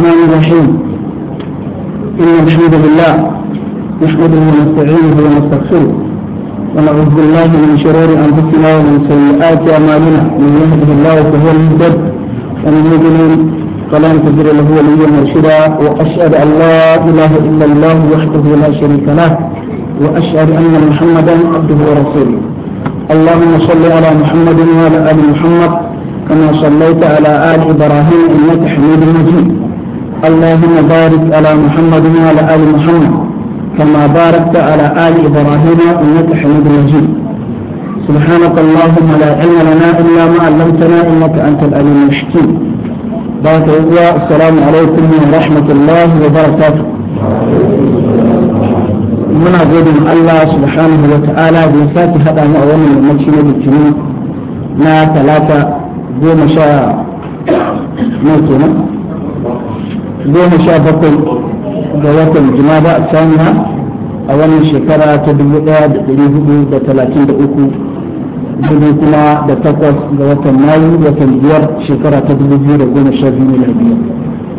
الرحمن الرحيم إن الحمد لله نحمده ونستعينه ونستغفره ونعوذ بالله من شرور أنفسنا ومن سيئات أعمالنا من يهده الله فهو المهتد ومن يضلل فلا تجد له وليا مرشدا وأشهد أن لا إله إلا الله وحده لا شريك له وأشهد أن محمدا عبده ورسوله اللهم صل على محمد وعلى آل محمد كما صليت على آل إبراهيم إنك حميد مجيد اللهم بارك على محمد وعلى آل محمد كما باركت على آل إبراهيم إنك حميد مجيد سبحانك اللهم لا علم لنا إلا ما علمتنا إنك أنت الأليم الحكيم بارك الله السلام عليكم ورحمة الله وبركاته من godin الله سبحانه وتعالى بنسات هذا ya المجيد الكريم ما ثلاثة دون شاء ما goma sha bakwai ga watan jumada a saniya a wannan shekara ta dubu daya da dari hudu da talatin da uku dubu kuma da takwas ga watan mayu watan biyar shekara ta dubu biyu da goma sha biyu na biyu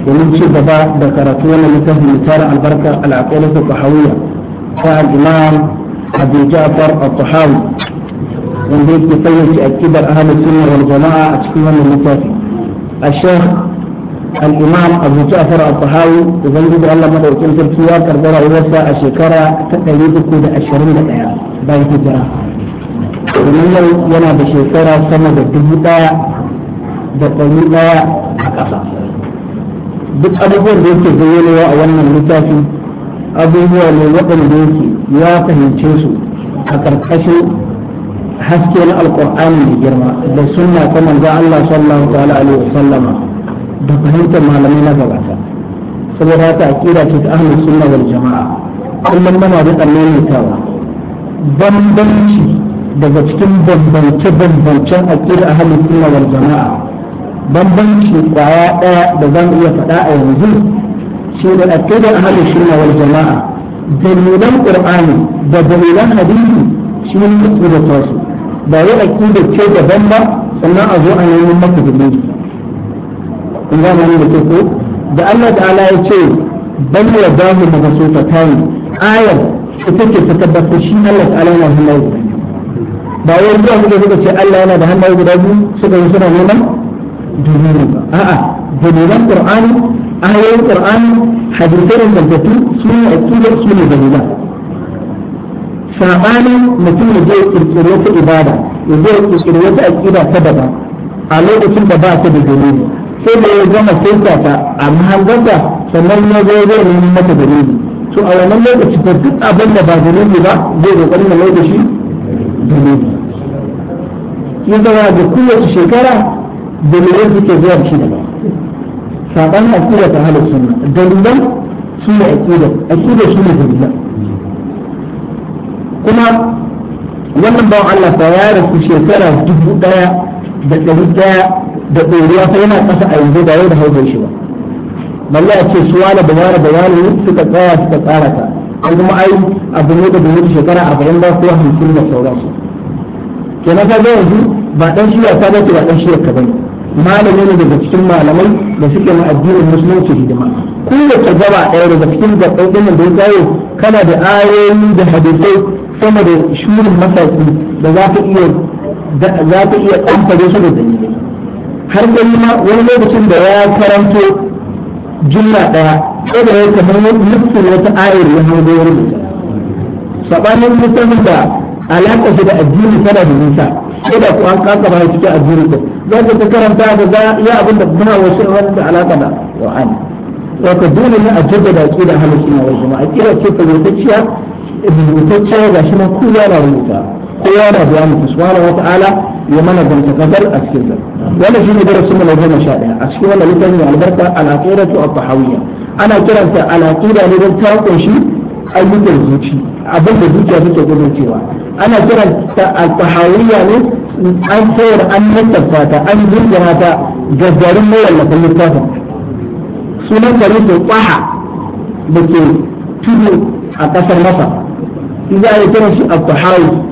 domin ci gaba da karatu wannan littafin misalar albarka al'aqidatu tahawiyya ta al-imam abu ja'far al-tahawi wanda yake fayyace akidar ahlus sunna wal jama'a a cikin wannan littafi الشيخ الإمام أبو جعفر الطهاوي وبنجد الله ما لو كنت الكيار كربلا ويسا أشكرا تقريب كود أشهرين لك باي هجرة ومن يو ينا بشكرا سنة الدبوتا دقلنا duk abubuwan da yake bayyanawa a wannan littafi abubuwa ne waɗanda yake ya fahimce su a ƙarƙashin haske na alƙur'ani da girma da sunna ta manzo Allah sallallahu alaihi wa sallama da fahimtar malamai na gabata saboda haka aqida ce ta ahlus sunna wal jama'a kullum muna da tsammanitawa bambanci daga cikin bambance-bambancen aqida ahlus sunna wal jama'a bambanci kwaya daya da zan iya faɗa a yanzu shi da aqida ahlus sunna wal jama'a dalilan qur'ani da dalilan hadisi shi ne da su ba wai aqida ce daban ba sannan a zo a yi maka dalili in gane ne da ke ko da Allah ta'ala ya ce bal ya dahu da su ta tayi ayar ita ce ta tabbata shi Allah ta'ala yana hannaye ba wai zuwa suka suka ce Allah yana da hannaye guda biyu suka yi suna neman dalilin ba a'a dalilan qur'ani ayoyin qur'ani hadisai da tabbatu su ne aqidar su ne dalilan sabanin mutum da zai kirkiri wata ibada ya zai kirkiri wata aqida ta daban a lokacin da ba ta da dalili sai da ya gama saita ta a mahangarta sannan ya zo zai nemi mata dalili to a wannan lokaci ba duk abin da ba dalili ba zai kokarin ya lokaci da shi dalili shi zama da kowace shekara dalilan suke zuwa shi da ba saban aqida ta halin sunna dalilan su ne aqida aqida su ne dalilan kuma wannan bawan Allah ta ya rasu shekara dubu daya da ɗari daya da ɗoriya fa yana ƙasa a yanzu ba yau da haifar shi ba malla a ce suwa da da bawana ne suka tsaya suka tsara ta an kuma ai abu ne da bai wuce shekara arba'in ba ko hamsin da sauransu kenan ka ga yanzu ba ɗan shiya ta ce ba ɗan ya ka ne. malami ne daga cikin malamai da suke na addinin musulunci hidima kowace gaba ɗaya daga cikin gaɓɓai ɗin da ya kawo kana da ayoyi da hadisai sama da shurin masaki da za ka iya za ka iya su da dalilai har gani ma wani lokacin da ya karanto jumla daya ko da ya kamar nufin wata ayar ya hau da rubuta sabanin mutumin da alaƙa shi da addini tana da nisa ko da ku an kaka ba cikin addini ko za ka ta karanta ka ga ya abin da kuma wasu wani da alaka da wa'ani wato dole ne a jaddada da halin suna wasu ma a aƙida ce ta rubutacciya rubutacciya ga shi na kowa na rubuta kowa da biya mu subhanahu wa ta'ala ya mana dantakadar a cikin sa wannan shine darasin mu na goma sha ɗaya a cikin wannan littafin mai albarka al-aqidatu at-tahawiyya ana kiranta al-aqida ne don ta kunshi ayyukan zuci abin da zuciya take gudancewa ana kiran kiranta al-tahawiyya ne an sayar an nattafa ta an jirgina ta ga garin mai wallafin littafin sunan gari ne kwaha da ke tudu a kasar ƙasar masar إذا يتنسي الطحاوي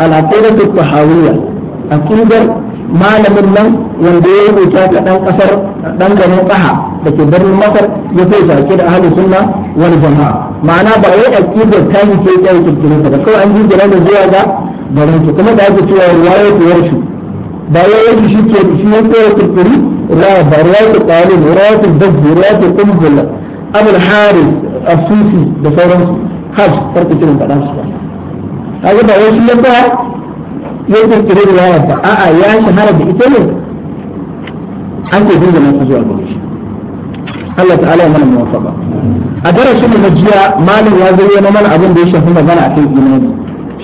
al-aqidatu a aqidar malamin nan wanda ya rubuta ta dan kasar dan garin Taha da ke birnin Masar ya kai ta da ahli sunna wani jama'a ma'ana ba wai aqidar ta yi ke ce ta kirkire ta kawai an jira da zuwa ga garin su kuma da ake cewa riwayat warshi ba ya yi shi ke shi ne ko kirkiri riwaya ba riwayat qalil riwayat dabbi riwayat qunbul abul harith asufi da sauransu hajj farko kiran faɗa su ba kaga ba wai shi ya sa ya kirkire da yawan ba a'a ya shahara da ita ne ake dingina su zuwa gare shi Allah ta'ala ya mana mu muwafaqa a darasin na jiya malam ya zo na mana abin da ya shafi magana akan imani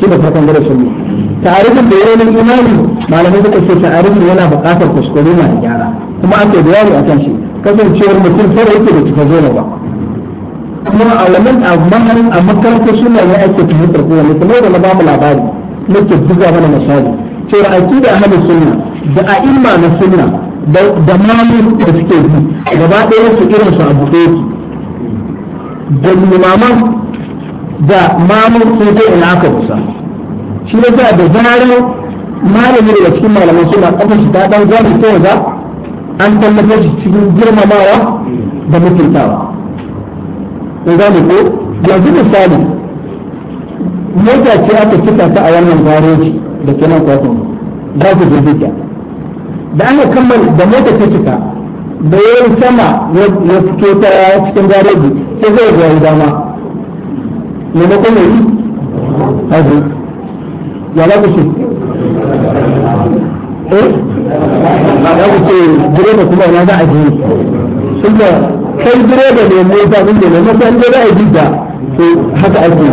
shi da farkon darasin mu ta'arifin da yayin imani malamai suka ce ta'arifin yana buƙatar kuskure na gyara kuma an ake bayani akan shi kasancewar mutum sai yake da cika zo ba kuma a wannan amma a makarantar suna ya ake fahimtar kuma ne kuma da na bamu labari nake buga mana misali cewa aqida ahlus sunna da a'imma na sunna da mamu da suke bi gaba ɗaya su irin su abu ɗaya da limaman da mamu sun kai ina aka kusa shi ne da zarar malami daga cikin malaman suna kafin shi ta dan gwamnati ta yaza an tallafa shi cikin girmamawa da mutuntawa ko gane ko yanzu misali mota ce aka cika ta a wannan gareji da ke nan kwakwan za ku je duka da aka kammala da mota ta cika da yayin sama ya fito ta cikin gareji sai zai ga dama maimakon mai yi ya za ku ce eh za ku ce gure da kuma ina za a je sun da kai direba ne mota din da mota din da ai bidda to haka ake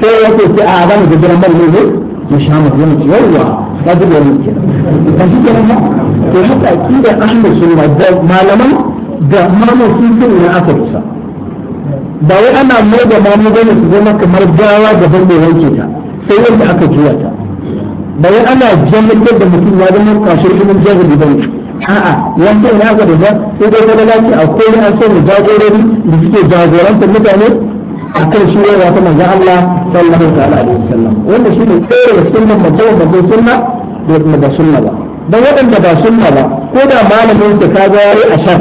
sai ya ce sai a ba mu gidan ban ne ya sha mu yana ce yawa ka ji da muke kan shi kenan to haka akida ahlus sunna da malaman da malaman sun ce ne aka rusa ba wai ana mai da mamu bane su zama kamar gawa gaban mai wanke ta sai wanda aka juya ta ba wai ana jami'ar da mutum ya zama kashir ibn jahili bane a'a yanzu ina ga da sai dai kada laki akwai an so mu jagorori da suke jagorantar mutane a kan shi ne wata manzo Allah sallallahu alaihi wasallam wanda shi ne tsere sunnan manzo manzo sunna da kuma ba sunna ba dan waɗanda ba sunna ba ko da malamin da ka ga yayi ashar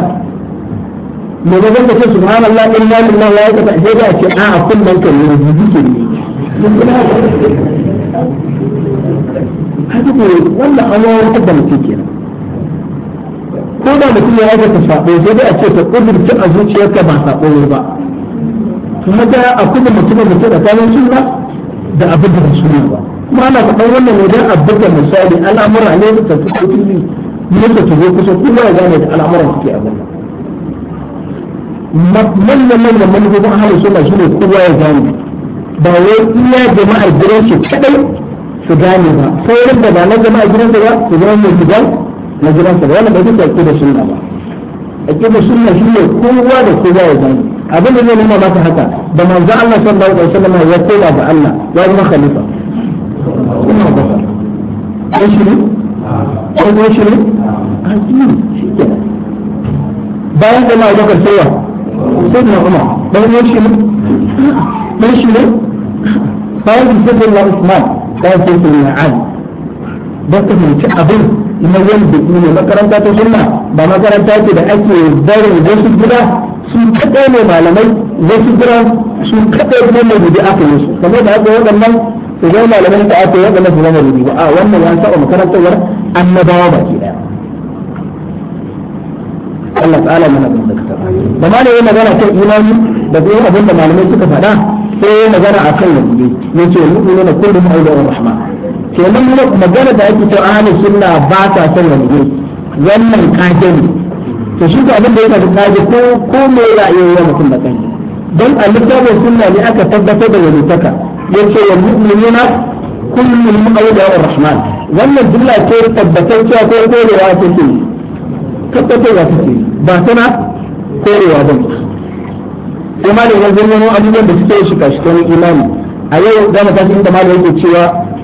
me ne zan ce subhanallah inna lillahi wa inna ilaihi raji'un sai da ce a'a kullun kan ne jiki ne haka ne wannan an wawar da mutum kenan ko da mutum ya aikata sabo sai dai a ce ta kudurci a zuciyarka ba sabo ne ba kuma ga akwai mutumin da ke da kwanan sunna da abin da ba sunna ba kuma ana faɗar wannan ne don abin da misali al'amura ne da ta fito fili ne da ta zo kusa kuma ya gane da al'amuran suke abin manyan manyan manufofin ahalin sunna shi ne kowa ya gane ba wai iya jama'ar gidansu kadai su gane ba sauran da ba na jama'ar gidansu ba su zama mai gidan na gidansa wannan ba duka aƙida sunna ba aƙida sunna shi ne kowa da kowa ya zama abin da zai nuna maka haka da manzo Allah sallallahu alaihi wasallam ya koma ga Allah ya zama khalifa kuma ba ai shi ne ai ko shi ne addini shi ke bayan da ma Abubakar sai ya sai na Umar bayan shi ne bayan shi ne bayan da sai na Usman bayan sai na Ali don ta fahimci abin na wanda ne makaranta ta sunna ba makaranta ce da ake barin wasu gida su kaɗai ne malamai wasu gida su kaɗai ne mai gudu aka yi su kamar da aka waɗannan su zama malamai da aka yi waɗannan su zama gudu ba a wannan ya saba makarantarwar annabawa baki ɗaya Allah ta'ala mana bin dakta da ma ne yi magana kan imani da kuma abin da malamai suka faɗa sai magana a kan yanzu ne ce mu'minu na kullum aure wa rahma kenan magana da ake ta ahli sunna ba ta son wanzu wannan kaje ne to shi abin da ya tafi kaje ko ko me ra'ayoyi mutum da kai dan a littafin sunna ne aka tabbatar da wani taka yace wa mu'minuna kullum min awliya rahman wannan jumla ce cewa ko da korewa take tabbatarwa take ba tana korewa ba kuma da yanzu ne abubuwan da suke shiga cikin imani a yau za mu tashi inda malamin yake cewa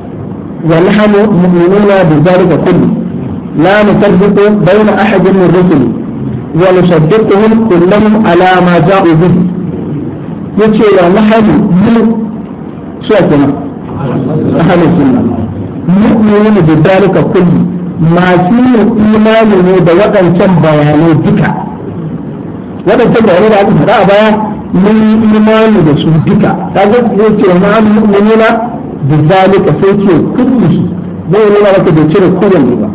ونحن مؤمنون بذلك كله لا نصدق بين أحد من الرسل ونصدقهم كلهم على ما جاءوا به يتشي محمد من شيخنا أهل السنة مؤمنون بذلك كله ما في إيمان da waɗancan bayanai duka waɗancan bayanai da aka faɗa a baya mun imani da su duka kaga yake na mu'minina بذلك فيتيو كل شيء هو لنا لك بيتيو كل الإمام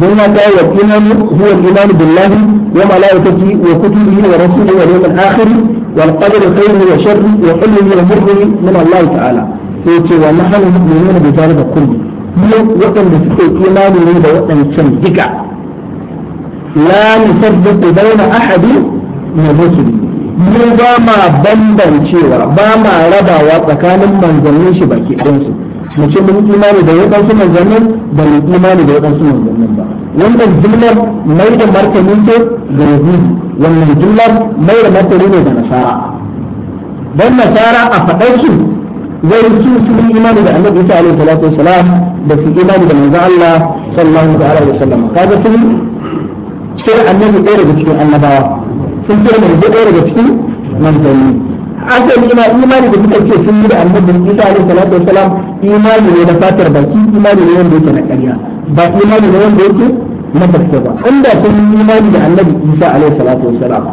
بما كان يقينه هو الإيمان بالله وملائكته وكتبه ورسوله واليوم الآخر والقدر وشر وشره من ومره من الله تعالى فيتيو ونحن مؤمنون بذلك كله مو وطن بسيطه ايمان يريد وطن الشمس لا نصدق بين احد من الرسل mu ba ma bambancewa ba ma rabawa tsakanin manzannin shi baki ɗansu mu ce mun imani da waɗansu manzannin da mun imani da waɗansu manzannin ba wannan jumlar mai da martani ce ga yahudi wannan jumlar mai da martani ne ga nasara don nasara a faɗar su zai su sun imani da annabi isa alaihi salatu wasalam da su imani da manzo Allah sallallahu alaihi wasallam kaga sun ce annabi ɗaya daga cikin annabawa sun ce mai buɗe daga cikin manzanni asali ina imani da suka ce sun yi da annabin isa alaihi salatu wasalam imani ne na fatar baki imani ne wanda yake na ƙarya ba imani ne wanda yake na gaske ba inda sun yi imani da annabi isa alaihi salatu wasalam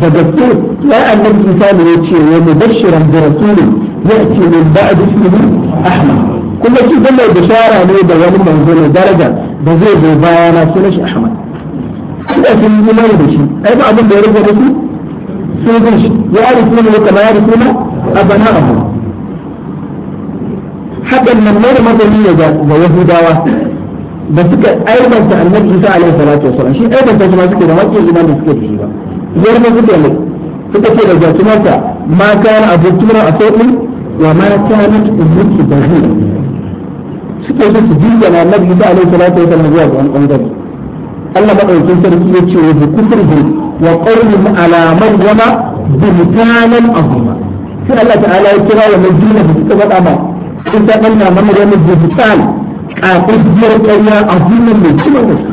da gaske ya annabi isa ne ya ce wa mubashiran bi rasulin ya'ti min ba'd ismihi ahmad kuma shi da shara ne da wani manzo ne daraja da zai zo bayana sunan shi ahmad da sun yi mai da shi ai ba abin da ya rage musu sun bin shi ya rufu ne kama ya suna na abana abu hakan nan mai da mazani ya ga yahudawa da suka aibanta annabi isa alaihi salatu wa wasallam shi aibanta shi ma suke da maƙiyar iman da suke da shi ba biyar ne suke ne suka ce da jakimarsa ma kayan abokin a sauƙin wa ma kayan ubuki da zai suke so su jirgin annabi isa alaihi salatu wa wasallam zuwa ga wani ɓangare Allah madaukakin sarki ya ce wa kufrihim wa qawlihim ala maryam bihtanan azuma sai Allah ta'ala ya kira wa madina da suka faɗa ba sun ta danna maryam bihtan kafin jiyar ƙarya azumin mai cin gaske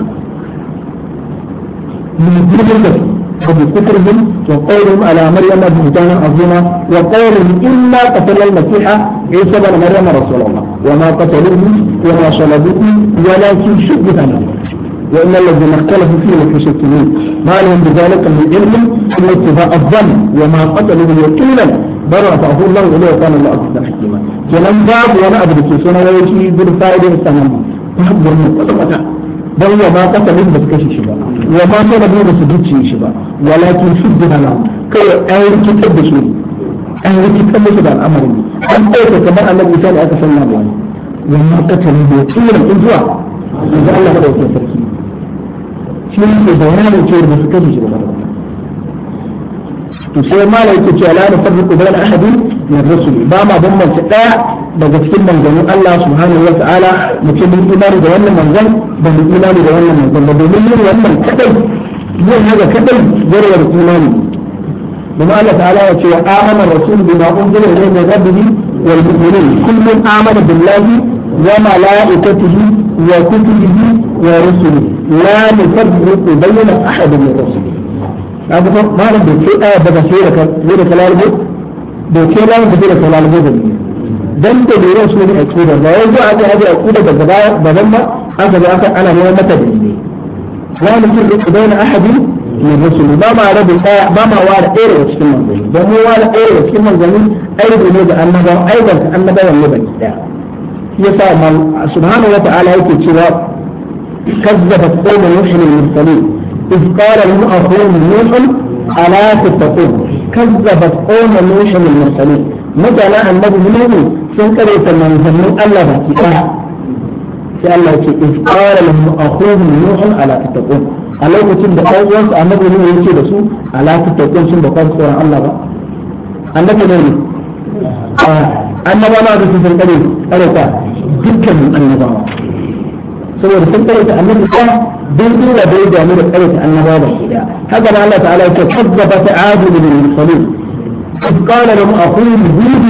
من جنب وبكفرهم وقولهم على مريم بهتانا عظيما وقولهم الا قتل المسيح عيسى بن مريم رسول الله وما قتلوه وما صلبوه ولكن شبه لهم وإن الذين اختلفوا فيه لفي شك ما لهم بذلك من علم إلا اتباع الظن وما قتلوا يقينا برا فأقول الله إليه كان الله أكثر حكيما جنان باب وأنا أدري كيف أنا ويجي بن فائدة السلام باب وما بل وما قتلوا من بسكش شبا وما كان بيه بسكش شبا ولكن شدنا لهم كي أهل كتب شبا أهل كتب شبا الأمر أن أيضا كما أن الإنسان أتسلم وما قتلوا من يقينا إذا الله لا يتسلم shi ne bayanin cewa ba su kashe shi ba to sai malai yake cewa la nufarriqu bayna ahadin min rusuli ba ma bambance daya daga cikin manzannin Allah subhanahu wa ta'ala mutum mun imani da wannan manzan ba mun imani da wannan manzan ba domin yin wannan kadai yin haka kadai zarwar imani domin Allah ta'ala ya ce wa amana rasul bima unzila ilayhi min rabbih wal mu'minun kullun amana billahi wa malaikatihi wa kutubihi wa rusulihi لا نفرق بين احد من الرسل هذا ما رد في ايه بدا في لك غير كلام بو بو كلام بدون كلام بو دم بدون رسل من اكتوبر لا يرجع ان يرجع اكتوبر بالزباع بدم انت بانت انا هو متد لا نفرق بين احد من الرسل ما ما رد في ما ما وارد ايه وشكل من ذلك ما وارد ايه وشكل من ذلك ايه بدون ايه بدون ايه بدون ايه بدون ايه بدون ايه بدون ايه بدون ايه بدون ايه بدون ايه بدون ايه بدون ايه بدون ايه بدون ايه بدون ايه بدون ايه بدون ايه بدون ايه بدون ايه بدون ايه كذبت قوم نوح المرسلين إذ قال لهم أخوهم نوح ألا تتقون كذبت قوم نوح المرسلين مثلا النبي نوح سنكرت من ذنب الله بكتاب sai Allah ce ifqara lahum akhuhum nuhun ala tattaqun a kacin da ɗan uwansa annabi ne yake da su ala tattaqun sun ba kwansu tsoron Allah ba annabi ne ne annaba na da su sun kare kare ta dukkanin saboda sun karanta annabi ta dan dole da ya damu da karanta annabawa ba daya haka ma Allah ta'ala yake kazzaba ta'adu bil mursalin إذ قال لهم أخوهم هود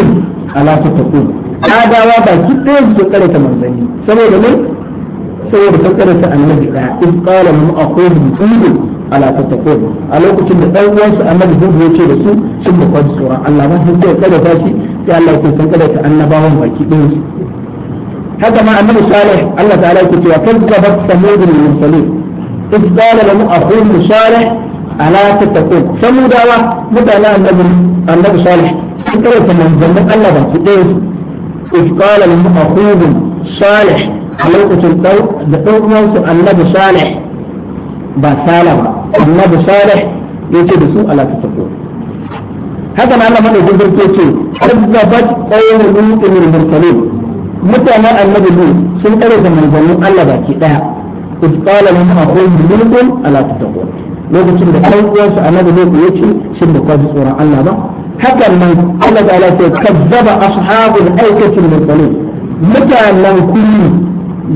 ألا تتقون adawa ba ki ɗaya su karanta manzanni saboda mai saboda sun karanta annabi ɗaya in ƙala mu akwai hudu ala tattaqun a lokacin da ɗan uwansu annabi hudu ya ce da su sun ba kwan tsoron Allah ba sun zai karanta shi sai Allah ya san karanta annabawan baki ɗaya هذا ما أمن صالح الله تعالى كتب كذبت ثمود المرسلين إذ قال لهم اخوه صالح ألا تتقون ثمود هو متى لا النبي صالح كيف من ذنب الله بس إذ قال لهم اخوه صالح الا تلقوا دقوا موسى النبي صالح بسالما النبي صالح يجد سوء ألا تتقون هذا ما الله ما يجب أن كذبت قوم لوط المرسلين mutanen annabi lut sun kare da manzannin Allah baki daya iz qala lahum akhuhum lut ala tattaqun lokacin da ɗan uwansu annabi lut ya ce shin ba kwaji tsoron Allah ba hakan nan Allah ta'ala ce kazzaba ashabul aikatil mursalin mutanen kulli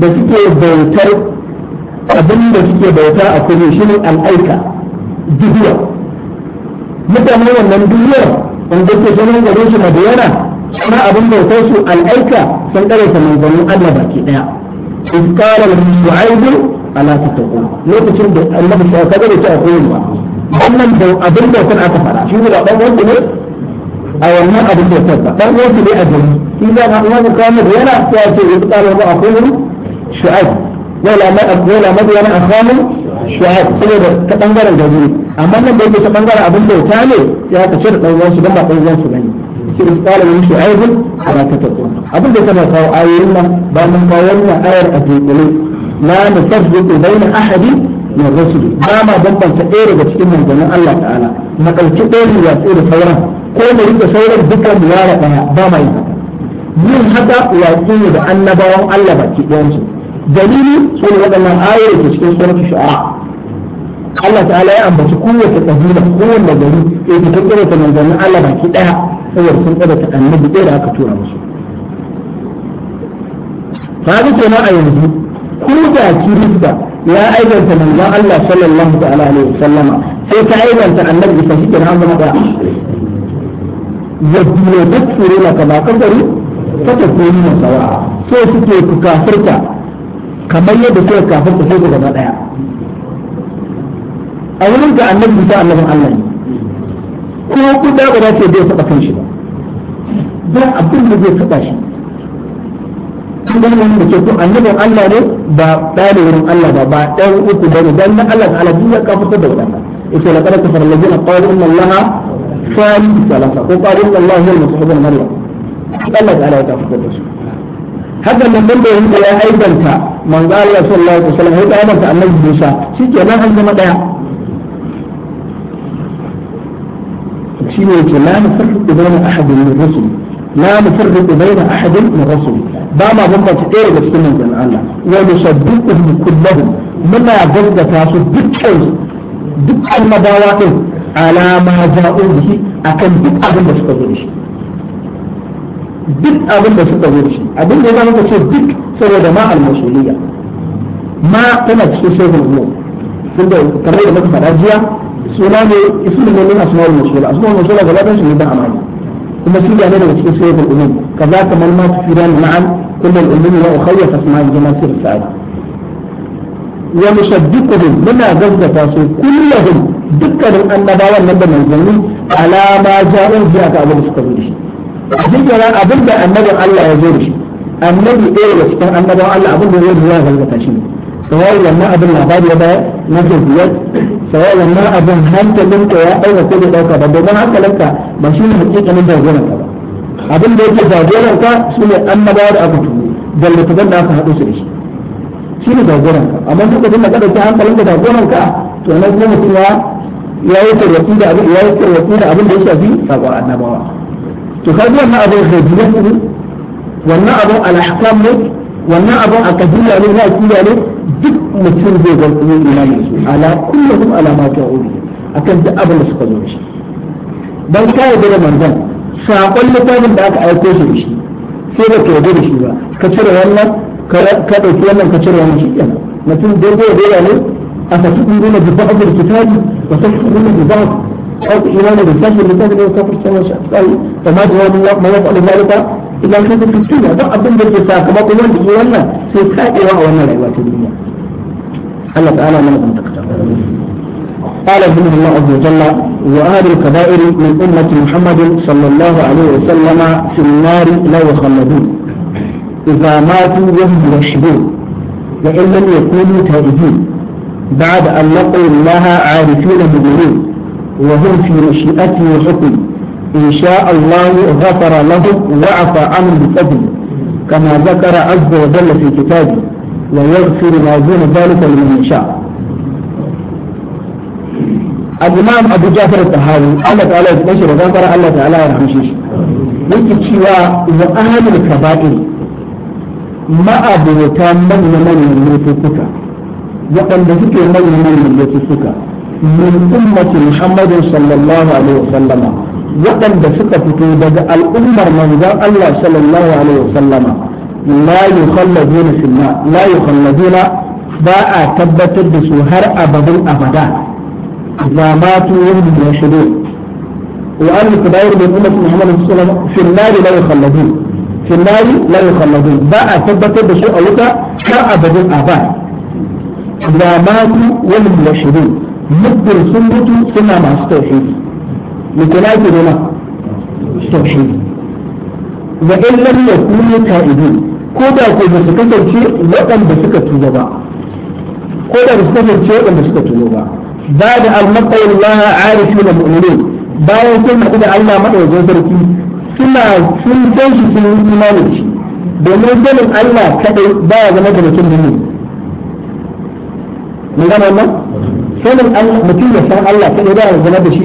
da suke bautar abin da suke bauta a kulli shine al'aika dubiya mutanen wannan duniyar in duk sunan garin su madiyana suna abin da bautar su al'aika sun kare ta manzannin Allah baki daya in qala al-mu'ayyidu ala tattaqu lokacin da Allah ya kaga da cewa koyin ba wannan da abin bautar aka fara shi ne da dan wanda ne a wannan abin bautar ba dan wanda ne a gari shi da ma Allah ka mu yana sai ya ce in qala ba aqulu shu'ab wala ma wala madiyana akhamu shu'ab saboda ta bangaren gari amma nan bai ta bangaren abin bauta ne ya ka cire dan uwansu dan ba dan uwansu bane shi da kala min shi aibun ala tatakun abin da kana kawo ayoyin nan ba mun kawo wannan ayar a dukkule la nufarriqu baina ahadi min rusuli ba ma bambanta ɗaya daga cikin manzannin Allah ta'ala na ɗauki ɗaya ne ya da sauran ko mu rike sauran dukkan mu yara ba mai yin yin haka ya ne da annabawan Allah baki ɗayansu dalili su ne waɗannan ayoyi da cikin suratul shu'ara Allah ta'ala ya ambaci kowace kabila kowanne gari ya fita tsare ta manzannin Allah baki daya saboda sun tsare ta annabi ɗaya da aka tura musu kaga kenan a yanzu ko da kirista ya aibanta manzon Allah sallallahu ta'ala alaihi wasallama sai ta aibanta annabi sai shi kenan zama da yadda da tsire na kaba kabari ta tafi mun sawa so suke ku kafirta kamar yadda suka kafirta sai gaba daya a wurin ga annabi bisa annabin Allah ne kuma ku da ba ce bai kan kanshi ba ba abin da zai taba shi an gani wannan da ke ko annabin Allah ne ba ɗaya wurin Allah ba ba ɗan uku ba ne dan nan Allah ta'ala duk ya kafa da wadanda ita la qad kafara allazina qalu inna allaha salisu salasa ko qalu inna allaha huwa al-masih ibn maryam Allah ta'ala ya kafa da su haka nan dan da ya aibanta manzo Allah sallallahu alaihi wasallam ya aibanta annabi Musa shikenan an zama daya شيء لا نفرق بين أحد من الرسل لا نفرق بين أحد من الرسل بما بمت إيه بسنة من الله ونصدقهم كلهم مما بمت تاسو دكتور دكتور مباواتهم على ما جاءوا به أكن دكتور مستقبل duk abin da suka zo shi abin da ya zama ce duk saboda ma al-masuliyya ma tana cikin shaykhul umur suna ne ismin ne asma'ul mawsula asma'ul mawsula gaba ɗaya su ne da amana kuma shi ga ne daga cikin sayyidul ulum kaza kamar ma tufiran ma'an kullal ulum wa ukhayya asma'ul jamaa'ir sa'ad wa nusaddiquhum muna gazzata su kullahum dukkanin annabawan nan da manzanni ala ma ja'u bi aka abu suka zo da shi a abin da annabin Allah ya zo da shi annabi ɗaya daga cikin annabawan Allah abin da zai zo ya gazzata shi ne سواء لما أبن العباد يبا نجل بيات سواء لما أبن هانت لنك يا أيها كل دوكا بابا ما هانت لنك ما شون حقيقة من دوزنك أبن بيكي دوزنك سنة أما بار أبتو جل تبدا فهدو سريش شون دوزنك أما انت تبدا كده كي هانت لنك دوزنك تو نجل مكوا يأي تريكيد أبن يأي تريكيد أبن بيكي أبي فقوا أنا بوا تخذي أما أبن خيجي لنك وأن أبن الأحكام لنك wannan abin a kabila ne na akida ne duk mutum zai ga kuma imani su ala kullum ala ma ta ubi akan duk abin da suka zo shi dan kai da manzon sakon littafin da aka aiko shi da shi sai da kai da shi ba ka cire wannan ka dauki wannan ka cire wannan shi kenan mutum dogo da ne a tafi inguna da ba'd al-kitabi wa tafsiruna bi ba'd أو إيمان بالفجر لتجد كفر سنة شخصي فما دون ما يفعل ذلك idan ka abin da ke sakamakon wanda ke wannan kaɗewa a wannan rayuwa ta duniya Allah ta'ala mana قال ابن الله عز وجل وأهل الكبائر من أمة محمد صلى الله عليه وسلم في النار لا يخلدون إذا ماتوا وهم يشهدون وإن لم يكونوا تائبين بعد أن لقوا الله عارفين مدينين وهم في مشيئته وحكمه إن شاء الله غفر لهم وعفى عنهم بفضله كما ذكر عز وجل في كتابه ويغفر ما دون ذلك لمن يشاء الإمام أبو جعفر الطحاوي الله تعالى يتنشر وذكر الله تعالى يرحمه yake cewa wa ahlul kaba'ir ma'abota manyan manyan laifuka waɗanda suke manyan manyan laifuka min ummati muhammadin sallallahu alaihi wasallama waɗanda suka fito daga al'ummar manzon Allah sallallahu alaihi wasallama la yukhalladuna fil nar la yukhalladuna ba a tabbatar da su har abadin abada ma matu yahdu yashudun وأن الكبائر من أمة محمد صلى الله عليه وسلم في النار لا يخلدون في النار لا يخلدون باء ثبت بسوء وتا شاء بدل آباء لا ماتوا ولم يشهدون مدر سنة سنة مع التوحيد لكلاك لنا التوحيد وإن لم يكونوا تائبين كودا كو بسكتر شيء وقم بسكت وجبا كودا بسكتر شيء وقم بسكت وجبا بعد أن مقوا الله عارفين المؤمنين bayan sun haɗu da Allah maɗaukin sarki suna sun san sun yi domin ganin Allah kaɗai ba ya zama da mutum da ne mun gana nan sanin Allah mutum ya san Allah kaɗai ba ya zama da shi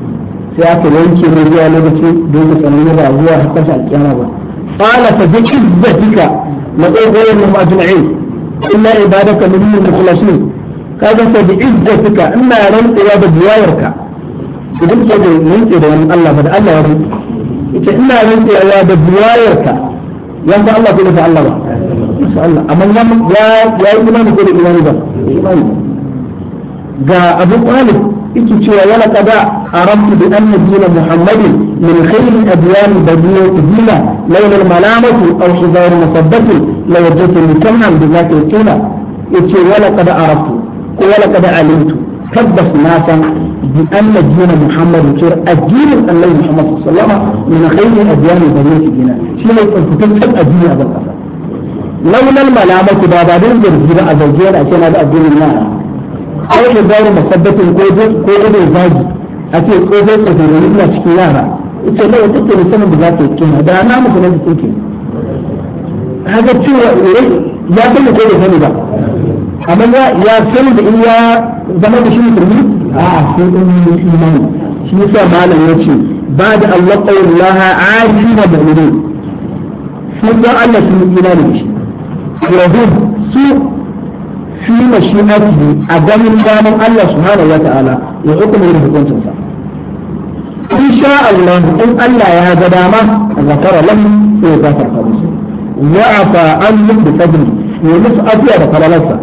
sai aka yanke mai zuwa lokaci don ka tsanani ba zuwa har tashi alƙiyama ba qala fa bi izzatika la ughayyiru ajma'in illa ibadaka minhum mukhlasin kaga fa bi izzatika ina ya da buwayarka idan ke da rantsi da wani Allah ba da Allah ya rantsi ita ina ya da buwayarka yan ba Allah ko da Allah ba Allah amma ya ya yi imani ko da imani ba ga Abu Talib تتشوى ولقد أردت بأن دين محمد من خير أديان بدينة دينة لولا الملامة أو حذار مصدق لوجدت مكمعا بذات الكلة تتشوى ولقد أردت ولقد علمت تبس ناسا بأن دين محمد كير أدين الله محمد صلى الله عليه وسلم من خير أديان بدينة دينة شيء تتشوى أدين أبو لولا الملامة بابا دين جرزيرا أزوجيرا كان أدين الله ai da zaru musabbatin ko ko gudun zagi a ce ko da tsofaffin ina cikin yara ita ne wata ke musamman da za ta yi kina da na musu nan suke haka cewa ya san da ko da sani ba amma ya san da in ya zama da shi musulmi a sai in yi imani shi ne yasa malam ya ce ba da Allah qawlullaha ajina da mu'minin sun ga Allah sun yi imani da shi yahud su fi mashi'atihi a ganin daman Allah subhanahu wa ta'ala ya hukuma irin hukuncin sa in sha Allah in Allah ya ga dama zakara lahu ya gafarta musu wa afa an bi fadli ya musu afiya da falalarsa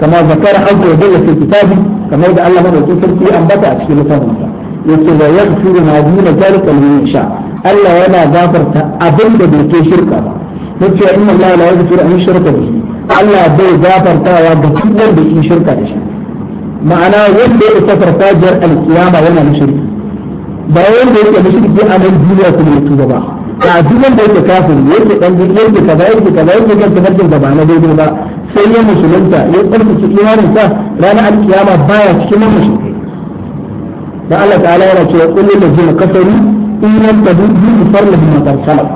kama zakara azza wa jalla fi kitabi kamar da Allah madaukakin sarki ambata a cikin littafinsa yace wa yaghfiru ma duna zalika liman yasha Allah yana gafarta abin da bai kai shirka ba yace inna Allah la yaghfiru an yushraka bihi Allah bai gafartawa ga duk wanda yi shirka da shi ma'ana wanda ya tafarta fajiyar alkiyama yana mushriki ba wanda yake mushriki a nan duniya kuma ya tuba ba a duk wanda yake kafin yake dan yake kaza yake kaza yake kan tafarkin da ba na daidai ba sai ya musulunta ya tsarkake imanin sa ranar alkiyama baya cikin mushrikai da Allah ta'ala yana cewa kullu ladzina kafaru in yantahu bi farlihim ma qad salaf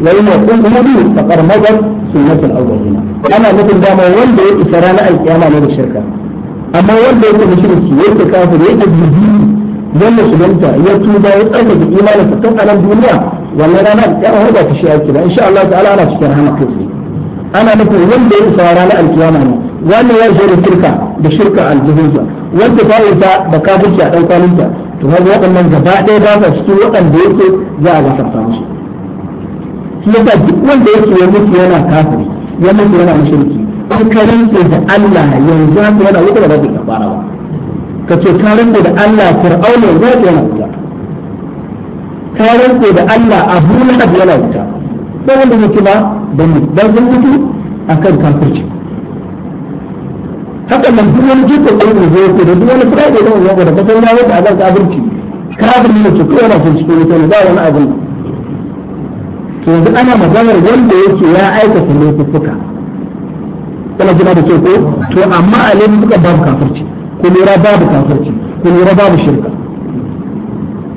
wa in yaqulu bi faqad sunnatul awwalina ana nufin dama wanda ya isa ranar alkiyama ne da shirka amma wanda yake mushriki yake kafir yake bibi wanda shuganta ya tuba ya tsaka da imanin ta tun a duniya wannan rana alkiyama har ba ta shi aiki ba insha Allah ta'ala ana cikin hana kai ana nufin wanda ya isa ranar alkiyama ne wanda ya zo da shirka da shirka aljihunsa wanda ta yi ta da kafirci a dan kwaninta to haka waɗannan gaba ɗaya ba sa cikin waɗanda yake za a gafarta musu shi yasa duk wanda yake ya mutu yana kafiri ya mutu yana mushriki in ka rantsa da Allah yanzu haka yana wuta da babu kafara ba ka ce ka rantsa da Allah fir'auna yanzu haka yana wuta ka rantsa da Allah abu lahab yana wuta ba wanda yake ba dan dan sun mutu akan kafirci haka nan duk wani jikin ɗan da zai ko da duk wani fir'auna da wani da kasan ya wuta a zan kafirci kafin ne ce kawai na cikin wuta ne ba wani abin to yanzu ana maganar wanda yake ya aikata laifuffuka kana jira da ke ko to amma a laifuffuka babu kafirci ko lura babu kafirci ko lura babu shirka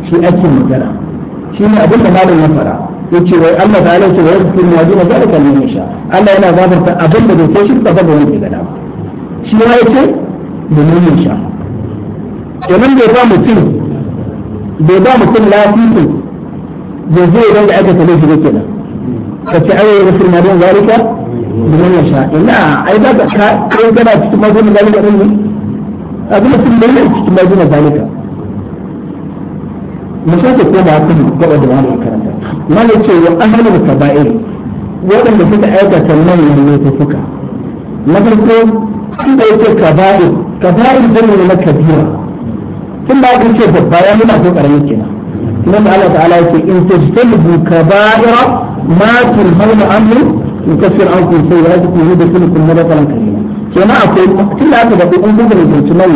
shi ake magana shi ne abin da malam ya fara yace wai Allah ta'ala yace wai kun waje na zalika liman sha Allah yana gafarta abin da bai kai shirka ba ga wanda ya dama shi ya yace liman sha kenan bai ba mutum bai ba mutum lafiya yanzu idan da aka tabe shi ne kenan ka ce ai wani firma don zalika domin ya sha ina ai ba ka kai kana cikin magunan zalika din ne abin da sun bayyana cikin magunan zalika mu sake koma kan gaba da wani karanta mana ce wa ahlul kaba'ir waɗanda suka aikata manyan laifuka na farko da na kabira tun da aka ce ya karami kenan nan Allah ta'ala yake in tajtalibu kaba'ira ma tunhauna anhu yukaffir ankum sayyi'atikum wa yudkhilukum madkhalan karima kenan akwai tunda aka da kun da rubutu nan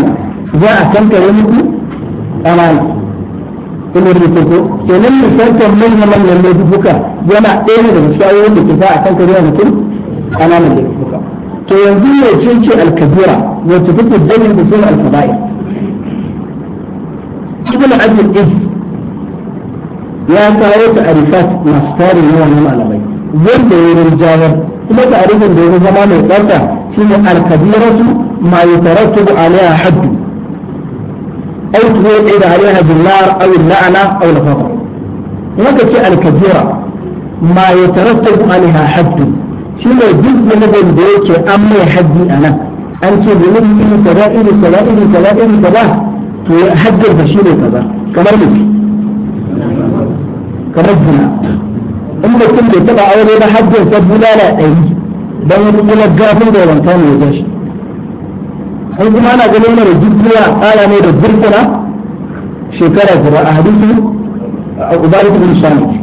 za a kankare muku amana kuma rubutu ko kenan misalkan manyan manyan laifuka yana ɗaya daga shayoyin da ke sa a kankare mutum amana laifuka to yanzu ne cince alkabira wacce take jami'in da sunan alkaba'ir ibn abdul ya kawo ta'arifat masu tarin yawan na malamai yadda ya rinjawar kuma ta'arifin da ya zama mai tsarta shi ne alkabiratu ma yi tarattu da alaiha haddu ai tuwo ɗaya da alaiha billar au la'ana au lafafa wanda ce alkabira ma yi tarattu da alaiha haddu shi ne duk zunubin da yake an mai haddi a nan an ce zunubin kaza iri kaza iri kaza iri kaza to haddar da shi ne kaza kamar mutum kamar zina in mutum bai taba aure ba hajjin sa bulala ɗari don wani kuma gafin da wanka ne ya gashi an kuma ana ganin mana jijiya ƙara ne da zurfina shekara guda a hadisi a ubari ibn shamit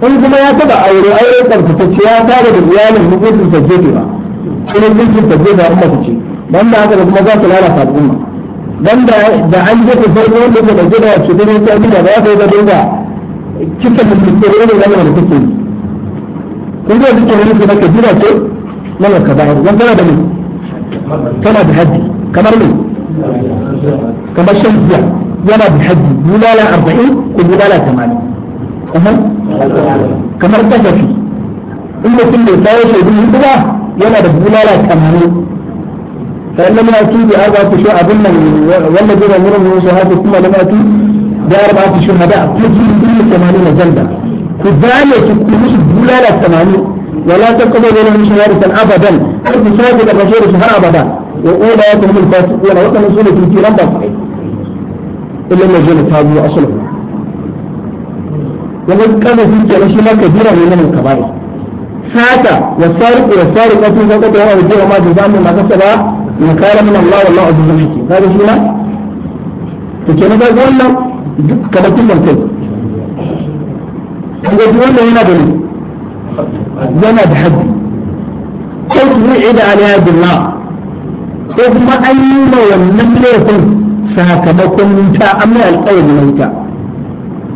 in kuma ya taba aure aure tsarkakacce ya tare da iyalin hukuncin sa gefe ba kuma hukuncin sa gefe ba umma ce dan da haka da kuma za su lalata al'umma dan da da an jefe farko wanda ke da gida a cikin ne ta ba za ta yi da cika da suke irin lamar da kake yi kun ga suke wani kuma ka jira ce lamar ka bayar wani tana da ne tana da haddi kamar ne kamar shan biya yana da haddi bulala arba'in ko bulala tamanin kamar tafafi in mutum mai kawo shaidu kuma yana da bulala tamanin فإن لم يأتوا بهذا فشو أظن والذين يؤمنون بشهادة ثم لم يأتوا بأربعة شهداء تجلد كل ثمانين جلدة كذلك كلش بلالة ثمانين ولا تقبل لهم شهادة أبدا أرض شهادة الرجل شهر أبدا وأولى يكون الفاسقون وكان رسولة الكرام بصحيح إلا الذين تابوا وأصلحوا ومن كان في جلسنا كبيرة من الكبائر هذا والسارق والسارقة في ذلك هو الجوع ما جزاء ما كسب من كان من الله والله عز وجل هذا شنو؟ فكان هذا duk kamar kullum kai kaga duk wannan yana da yana da haddi ko tu'ida alaiha billah ko kuma an yi ma wannan laifin sakamakon wuta an mai alƙawari na wuta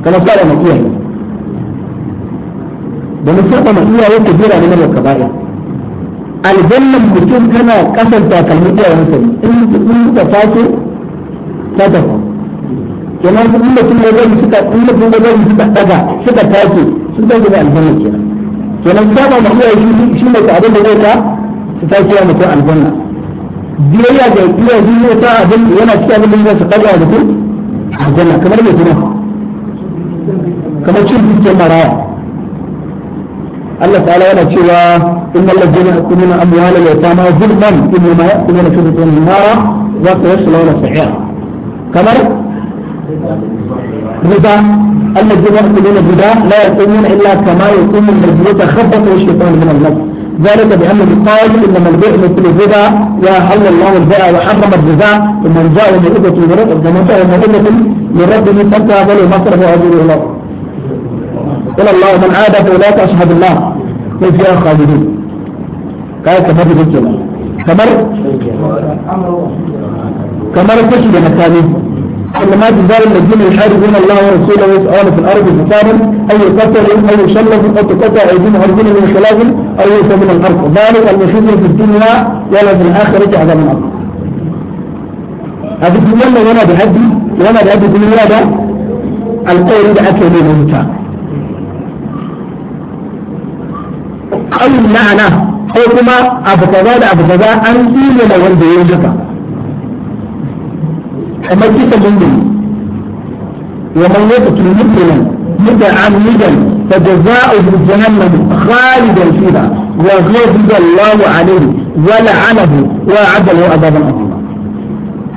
kamar fara na iyaye da mu saba ma iyaye ka jira ne na kaba'ir aljannan mutum kana kasanta kalmi iyayen sa in ka taso ta dafa kenan duk inda sun gari suka inda sun gari suka daga suka tashi sun tashi da aljanna kenan kenan saba ma iyaye shi shi ne ta abin da zai ka su tashi ya mutu aljanna biyayya ga shi ne ta abin yana cikin abin da zai su daga da kun aljanna kamar me kuma kamar cin maraya Allah ta'ala yana cewa zulman nara kamar ربا الذين يقتلون الجدام لا يقومون إلا كما يقوم الذي يتخبط الشيطان من المس ذلك بأنه قال إنما البئر مثل الربا وأحل الله البئر وحرم الربا ومن جاء موعظة من ربه ومن جاء موعظة من ربه فليتقبل مصرف وأجره له قل الله من عاد فولاة أشهد الله من فيها خالدين قال كما في كمر كمر كشف مكانه أن ما تزال الذين يحاربون الله ورسوله يسعون في الأرض فسادا أو قتل أو يشلبوا أو تقطع أيديهم أرجلهم من خلاف أو يؤتوا من الأرض ذلك المشهد في الدنيا ولا في الآخرة من الأرض هذه الدنيا وأنا بهدي وأنا بهدي الدنيا ده القول ده أكل من المتاع أو معنى أو كما أبتغاد أبتغاد أن تيجي لو أنت يوجدك kamar kisa gungun ومن يقتل مؤمنا متعمدا فجزاؤه جهنم خالدا فيها وغضب الله عليه ولعنه وأعد له عذابا عظيما.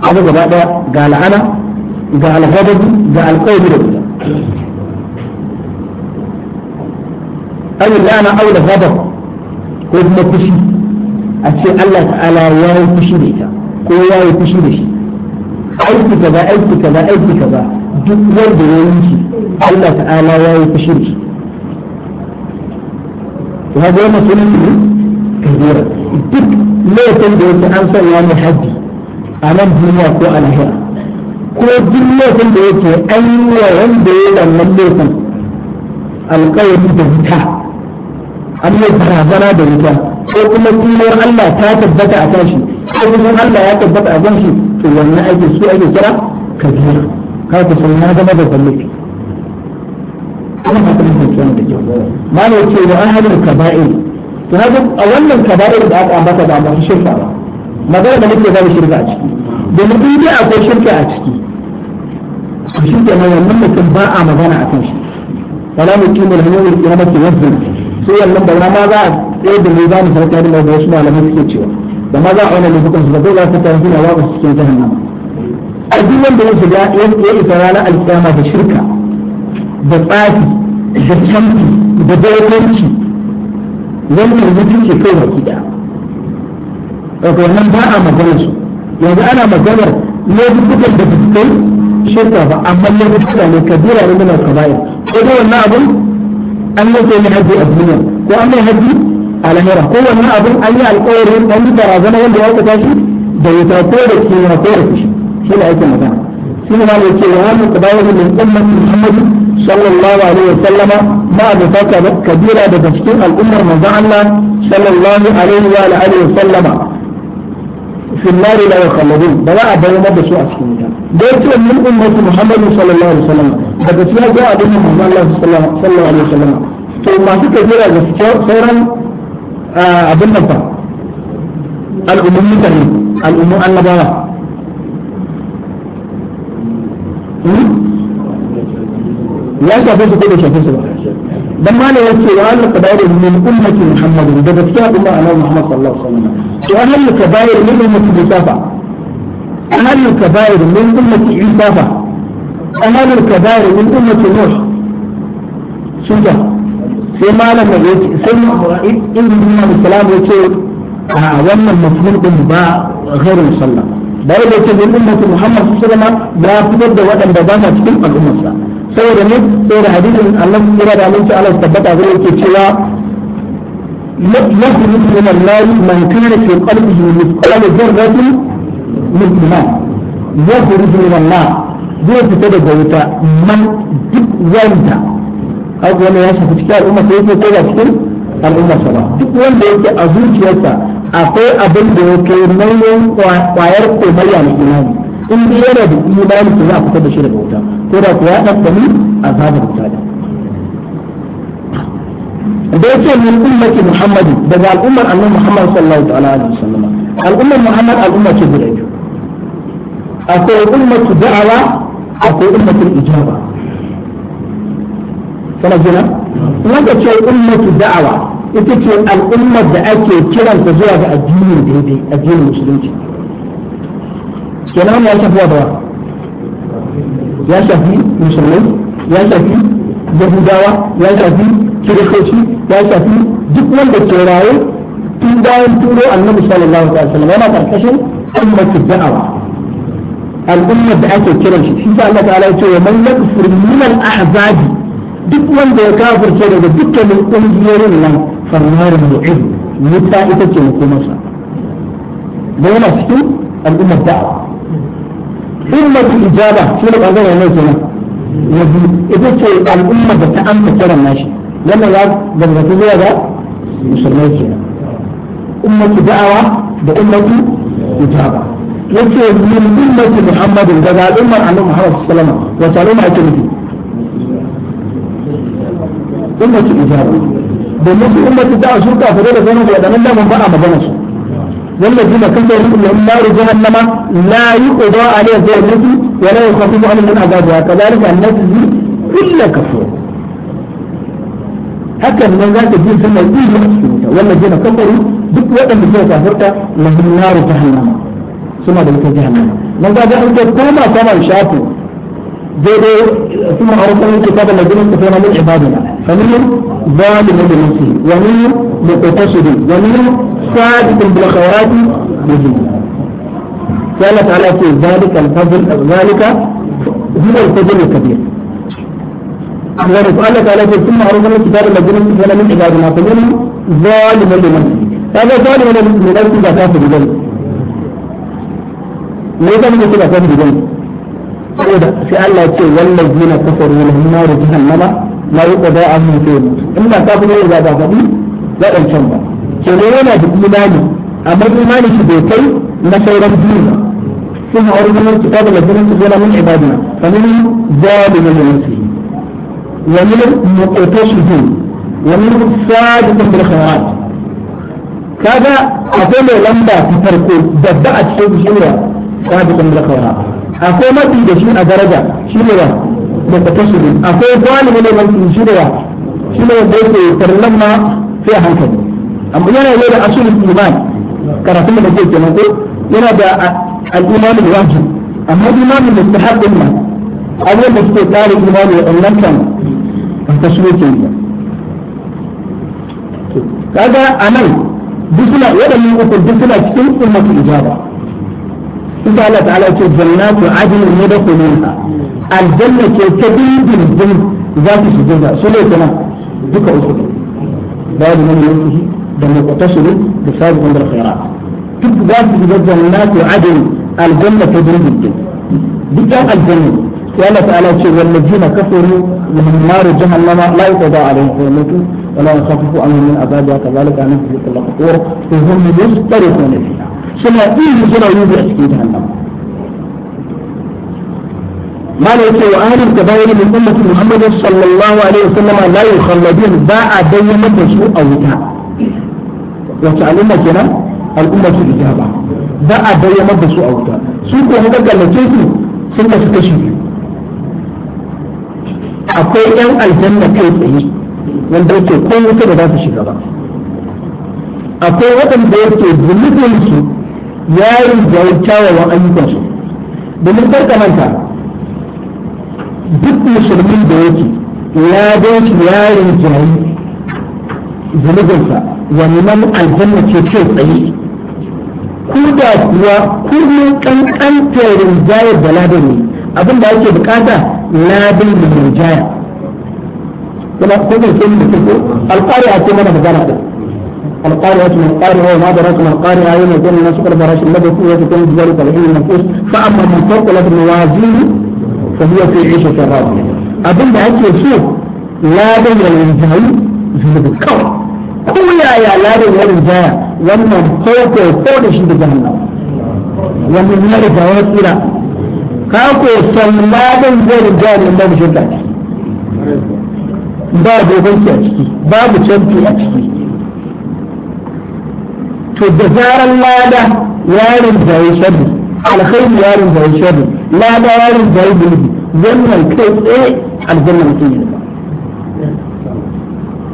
هذا جبابة قال أنا قال غضب قال قوم أي الآن أو الغضب وابن تشي أشياء الله تعالى يا تشي بيتا كو يا تشي بيتا aiki kaza aiki kaza aiki kaza duk wanda ya yi shi Allah ta'ala ya yi fushirki ya ga yana sunan ne kabira duk lokacin da yake an sanya mu haddi a nan duniya ko a ko duk lokacin da yake an yi wa wanda ya yi wannan lokacin alƙawari da wuta an yi barazana da wuta ko kuma tsinuwar Allah ta tabbata a kan shi ko kusan Allah ya tabbata a ganshi to wanne aikin su ake kira kabira kawai ku san ya zama da zallufi kuma ka san da kyau da kyau mana yace wa ahadul kaba'in, to haka a wannan kaba'in da aka ambata ba masu shirka ba magana da muke zama shirka a ciki domin in dai akwai shirka a ciki to shi ke wannan mutum ba a magana a kan shi wala mutumul hanyar kiyama ke yanzu sai wannan ba ma za a tsaye da ne za mu sauka da wasu malamai suke cewa da ma za a wani laifukan su ba zai dole su tafi ba babu cikin jahannama a duk wanda ya shiga ya isa ranar alkiyama da shirka da tsafi da canfi da dokoki wannan mutunci kai baki daya daga nan ba a maganar su yanzu ana maganar laifukan da su kai shirka ba amma laifuka ne da ne muna kabayar ko da wannan abin an yi sai ne hajji a duniya ko an yi hajji. a lahira kowanne abin an yi alƙawarin an yi barazana wanda ya aikata shi da wuta ko da kima ko da fushi shi ne ake magana shi ne malai ce wa mu tabayyana min ummati muhammad sallallahu alaihi wa sallama ma da fata kabira daga cikin al'ummar manzon Allah sallallahu alaihi wa alihi wa sallama في النار لا يخلدون بلا أبو ما بسوء أسكن ديت من أمة محمد صلى الله عليه وسلم بس يا جاء بهم محمد صلى الله عليه وسلم ثم ما في كثير سورا abin nan fa al'ummin mutane al'ummin annabawa ya shafe su ko da shafe su ba dan ma ne yace wa al kabair min ummati muhammad da gaskiya umma annabi muhammad sallallahu alaihi wasallam to al kabair min ummati musafa al kabair min ummati isa fa al kabair min ummati nuh sun sai malam da yake sai ibn Umar salam yake a wannan mutum din ba ghairin sallah da yake ce bin ummatu Muhammad sallallahu alaihi ya fitar da waɗanda ba sa cikin al'ummarsa saboda ne saboda hadisin Allah kira da Allah Allah tabbata zai yake cewa يخرج من النار من كان في قلبه مثقال ذرة من إيمان يخرج من zai fita daga wuta man duk wanda haka wani ya shafi cikin al'umma sai yake ko ba cikin al'umma sa ba duk wanda yake a zuciyarsa akwai abin da ya kai nauyin kwayar komayya na imani in dai yana da imani to za a fitar da shi daga wuta ko da kuwa ya ɗaɗɗani azabar wuta da da yake min ummati muhammadu daga al'ummar annabi muhammad sallallahu ta'ala alaihi wasallam al'ummar muhammad al'umma ce guda biyu akwai ummatu da'awa akwai ummatu ijaba kana gina wanda ce ummatu da'awa ita ce al'ummar da ake kiran ta zuwa ga addinin daidai addinin musulunci kenan ya shafi wa ya shafi musulmai ya shafi yahudawa ya shafi kiristoci ya shafi duk wanda ke raye tun bayan turo annabi sallallahu alaihi wasallam yana karkashin ummatu da'awa al'ummar da ake kiran shi shi Allah ta'ala ya ce wa man yakfur min al-ahzabi duk wanda ya kafirce daga dukkanin ƙungiyoyin nan farmarin mu'id wuta ita ce hukumarsa da yana cikin al'ummar da'a illa su ijaba shi ne ɓangaren ne kenan yanzu ita ce al'ummar da ta amsa kiran nashi wannan ya danganta zuwa ga musulmai kenan ummatu da'awa da ummatu ijaba yace min ummati muhammadin daga al'ummar annabi muhammad sallallahu alaihi wasallam wata al'umma ake nufi ummatu ijabu domin su ummatu da su ka fara da ganin wadannan lamun ba a magana su والذين كفروا لهم نار جهنم لا يقضى عليه ذلك ولا يخفف عنهم من عذابها كذلك نجزي كل كفور hakan nan za ta jin sannan ɗiɗi a cikin wuta wannan jina kafaru duk waɗanda suka kafurta na hinnaru jahannama suna da wuta jahannama nan za ga an koma kama shafu daidai suna a rukun kitabun da jinin kusurwa min ibaduna فمنهم ظالم بنفسه ومنهم مقتصد ومنهم صادق بالخيرات مجيد قال تعالى في ذلك الفضل ذلك هو الفضل الكبير أحضر قال تعالى في ثم عرضنا الكتاب الذين استكبر من عبادنا فمنهم ظالم لنفسه هذا ظالم لنفسه لا تأخذ بذلك ماذا من يقول تأخذ بذلك sai Allah ce wallazi na kafaru lahum naru jahannama لا يقضى عن مكانه إلا تابل إذا ضغطي لا الجنة كلنا بإيمانه أما الإيمان شبيكي نشير الدين فيها أرجو الكتاب الذين تزول من عبادنا فمنهم ظالم لنفسه ومنهم مقتصد ومنهم صادق بالخيرات kaga akwai mai lamba ta farko babba a cikin shura sabiqun bil khayrat akwai mafi da shi a daraja shi ne ba muqtasibin akwai zalimi ne ban tun shirya shi ne da yake farlan ma sai hankali amma yana yau da asul iman karatun da ke kenan ko yana da al-iman wajib amma iman mustahab din ma abin da suke tsare iman da wannan kan ta shi yake yi kaga anan duk suna waɗannan uku duk suna cikin ummatul ijaba إذا الله تعالى جنات عدن يدخلونها aljanna ke ta dindindin za su shige da su ne kuma duka uku bayan da nan yanki da muqtasiru da sabiqun bil khairat duk za su shiga jannatu adin aljanna ta dindindin duk ɗan aljanna sai Allah ta'ala ce wallazina kafaru lahum naru jahannama la yuqda alaihim fa yamutu wa la yakhafu anhum min azabiha kadhalika nafsu kullu kafur fa hum yustarifuna fiha suna iya suna yi a cikin jahannama ما ليس وأهل التباين من أمة محمد صلى الله عليه وسلم لا يخلدون باع بين الرسول أو وتاء وتعلمنا كنا الأمة الإجابة باع بين الرسول أو وتاء سوق هذا قال لكيف سنة تكشف akwai ɗan aljanna kai tsaye wanda yake ko wuta da za su shiga ba akwai waɗanda yake zunubinsu ya yi jawo kyawawan ayyukansu domin karkamanta duk musulmin da yake ya doki yarin jayi zunubinsa wannan aljanna ce ce tsaye ku da kuwa kullum kankantar rinjayar da ladan ne abin da ake bukata ladan da rinjaya kuma ko da ke da kiko alqari'a ce mana magana da alqari'a ce mana qari'a wa ma daraka man qari'a yana ganin nasu kalbarashi ladai ko yake ganin zalika alheri nafus fa amma man da mawazinu fa huwa fi ishatin radiya abin da ake so ladan ya rinjayi zunubi kawai ko yaya ladan ya rinjaya wannan koko ko da shi da jahannama wannan riga ya tsira ka ko san ladan zai rinjaya ne babu shirka ba dogonki a ciki babu canfi a ciki to da zarar lada yarin yarin la da yarin yi zunubi wannan kai tsaye aljanna mutum ne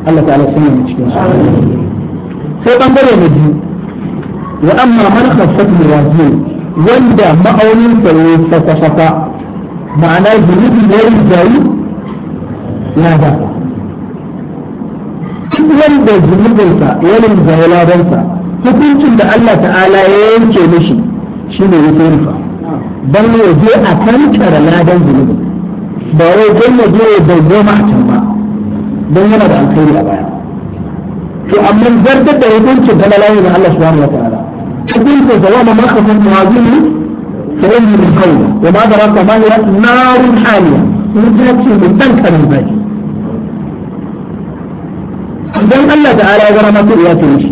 Allah ta'ala sun yi cikin sai bangare na biyu wa amma man khaffat mawazin wanda ma'aunin sa ya saka saka ma'ana zunubi ne yarin da yi la da duk wanda zunubinsa yarin da ya ladansa hukuncin da Allah ta'ala ya yanke mishi shine ya rufa dan ya je a kankara ladan zunubi ba wai dan ya je ya dawwama a can ba yana da alkhairi a baya to amma zartar da hukuncin ta lalayi na Allah subhanahu wataala hukuncin da wa ma kafan mawazini fa inni min qawli wa ma daraka ma hiya narun haliya wuta ce dan karin baki idan Allah ta'ala ya gara mata iya ce shi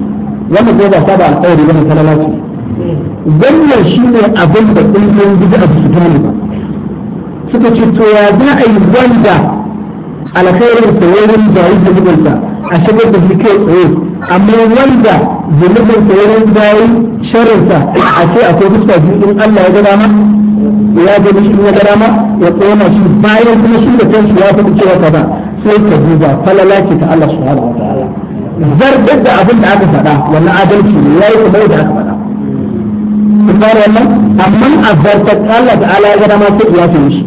wannan ko ba ta ba alkhairi ba ta lalaci wannan shi ne abin da ƙungiyoyin gida a su gane ba suka ce to ya za a yi wanda alkhairin sa wurin da yi a shigar da suke tsaye amma wanda zunubin sa wurin da yi sharrinsa a ce akwai fuska biyu in Allah ya gada ma ya gani shi ya gada ma ya kona shi bayan kuma shi da kansu ya faɗi cewa ka ba sai ka duba falala ce ta Allah subhanahu wa ta'ala zargar da abin da aka faɗa wannan adalci ne yayi kamar da aka faɗa mun gane wannan amma a zartar Allah da ala ya dama sai ya ce shi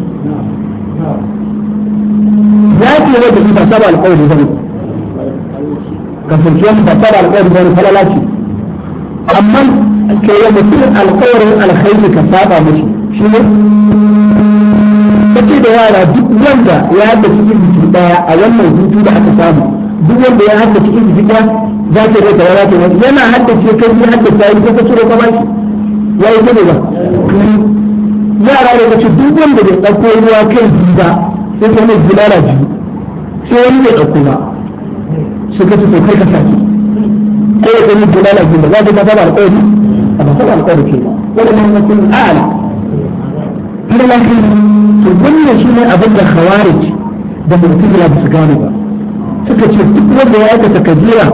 ya ce ne da ba saba alƙawari bane kasancewar ba saba alƙawari bane falala ce amma ke yi mutum alƙawarin alkhairi ka saba mashi shi ne kace da yara duk wanda ya haɗa cikin jiki daya a wannan hutu da aka samu duk wanda ya haɗa cikin jiki daya za ta rai da yana haddace kai ya haddace ya yi kuka cire ka bashi ya yi gudu ba yara da kace duk wanda bai ɗauko ruwa kai ba sai ta mai gudana biyu sai wani bai ɗauko ba su ka to kai ka sake ko ya kai gudana biyu ba za ka gaba alƙawari a ba saba alƙawari ke wani nan mutum ala har lafi to wannan shi ne abin da khawarij da mutum ba su gane ba suka ce duk wanda ya aikata kabira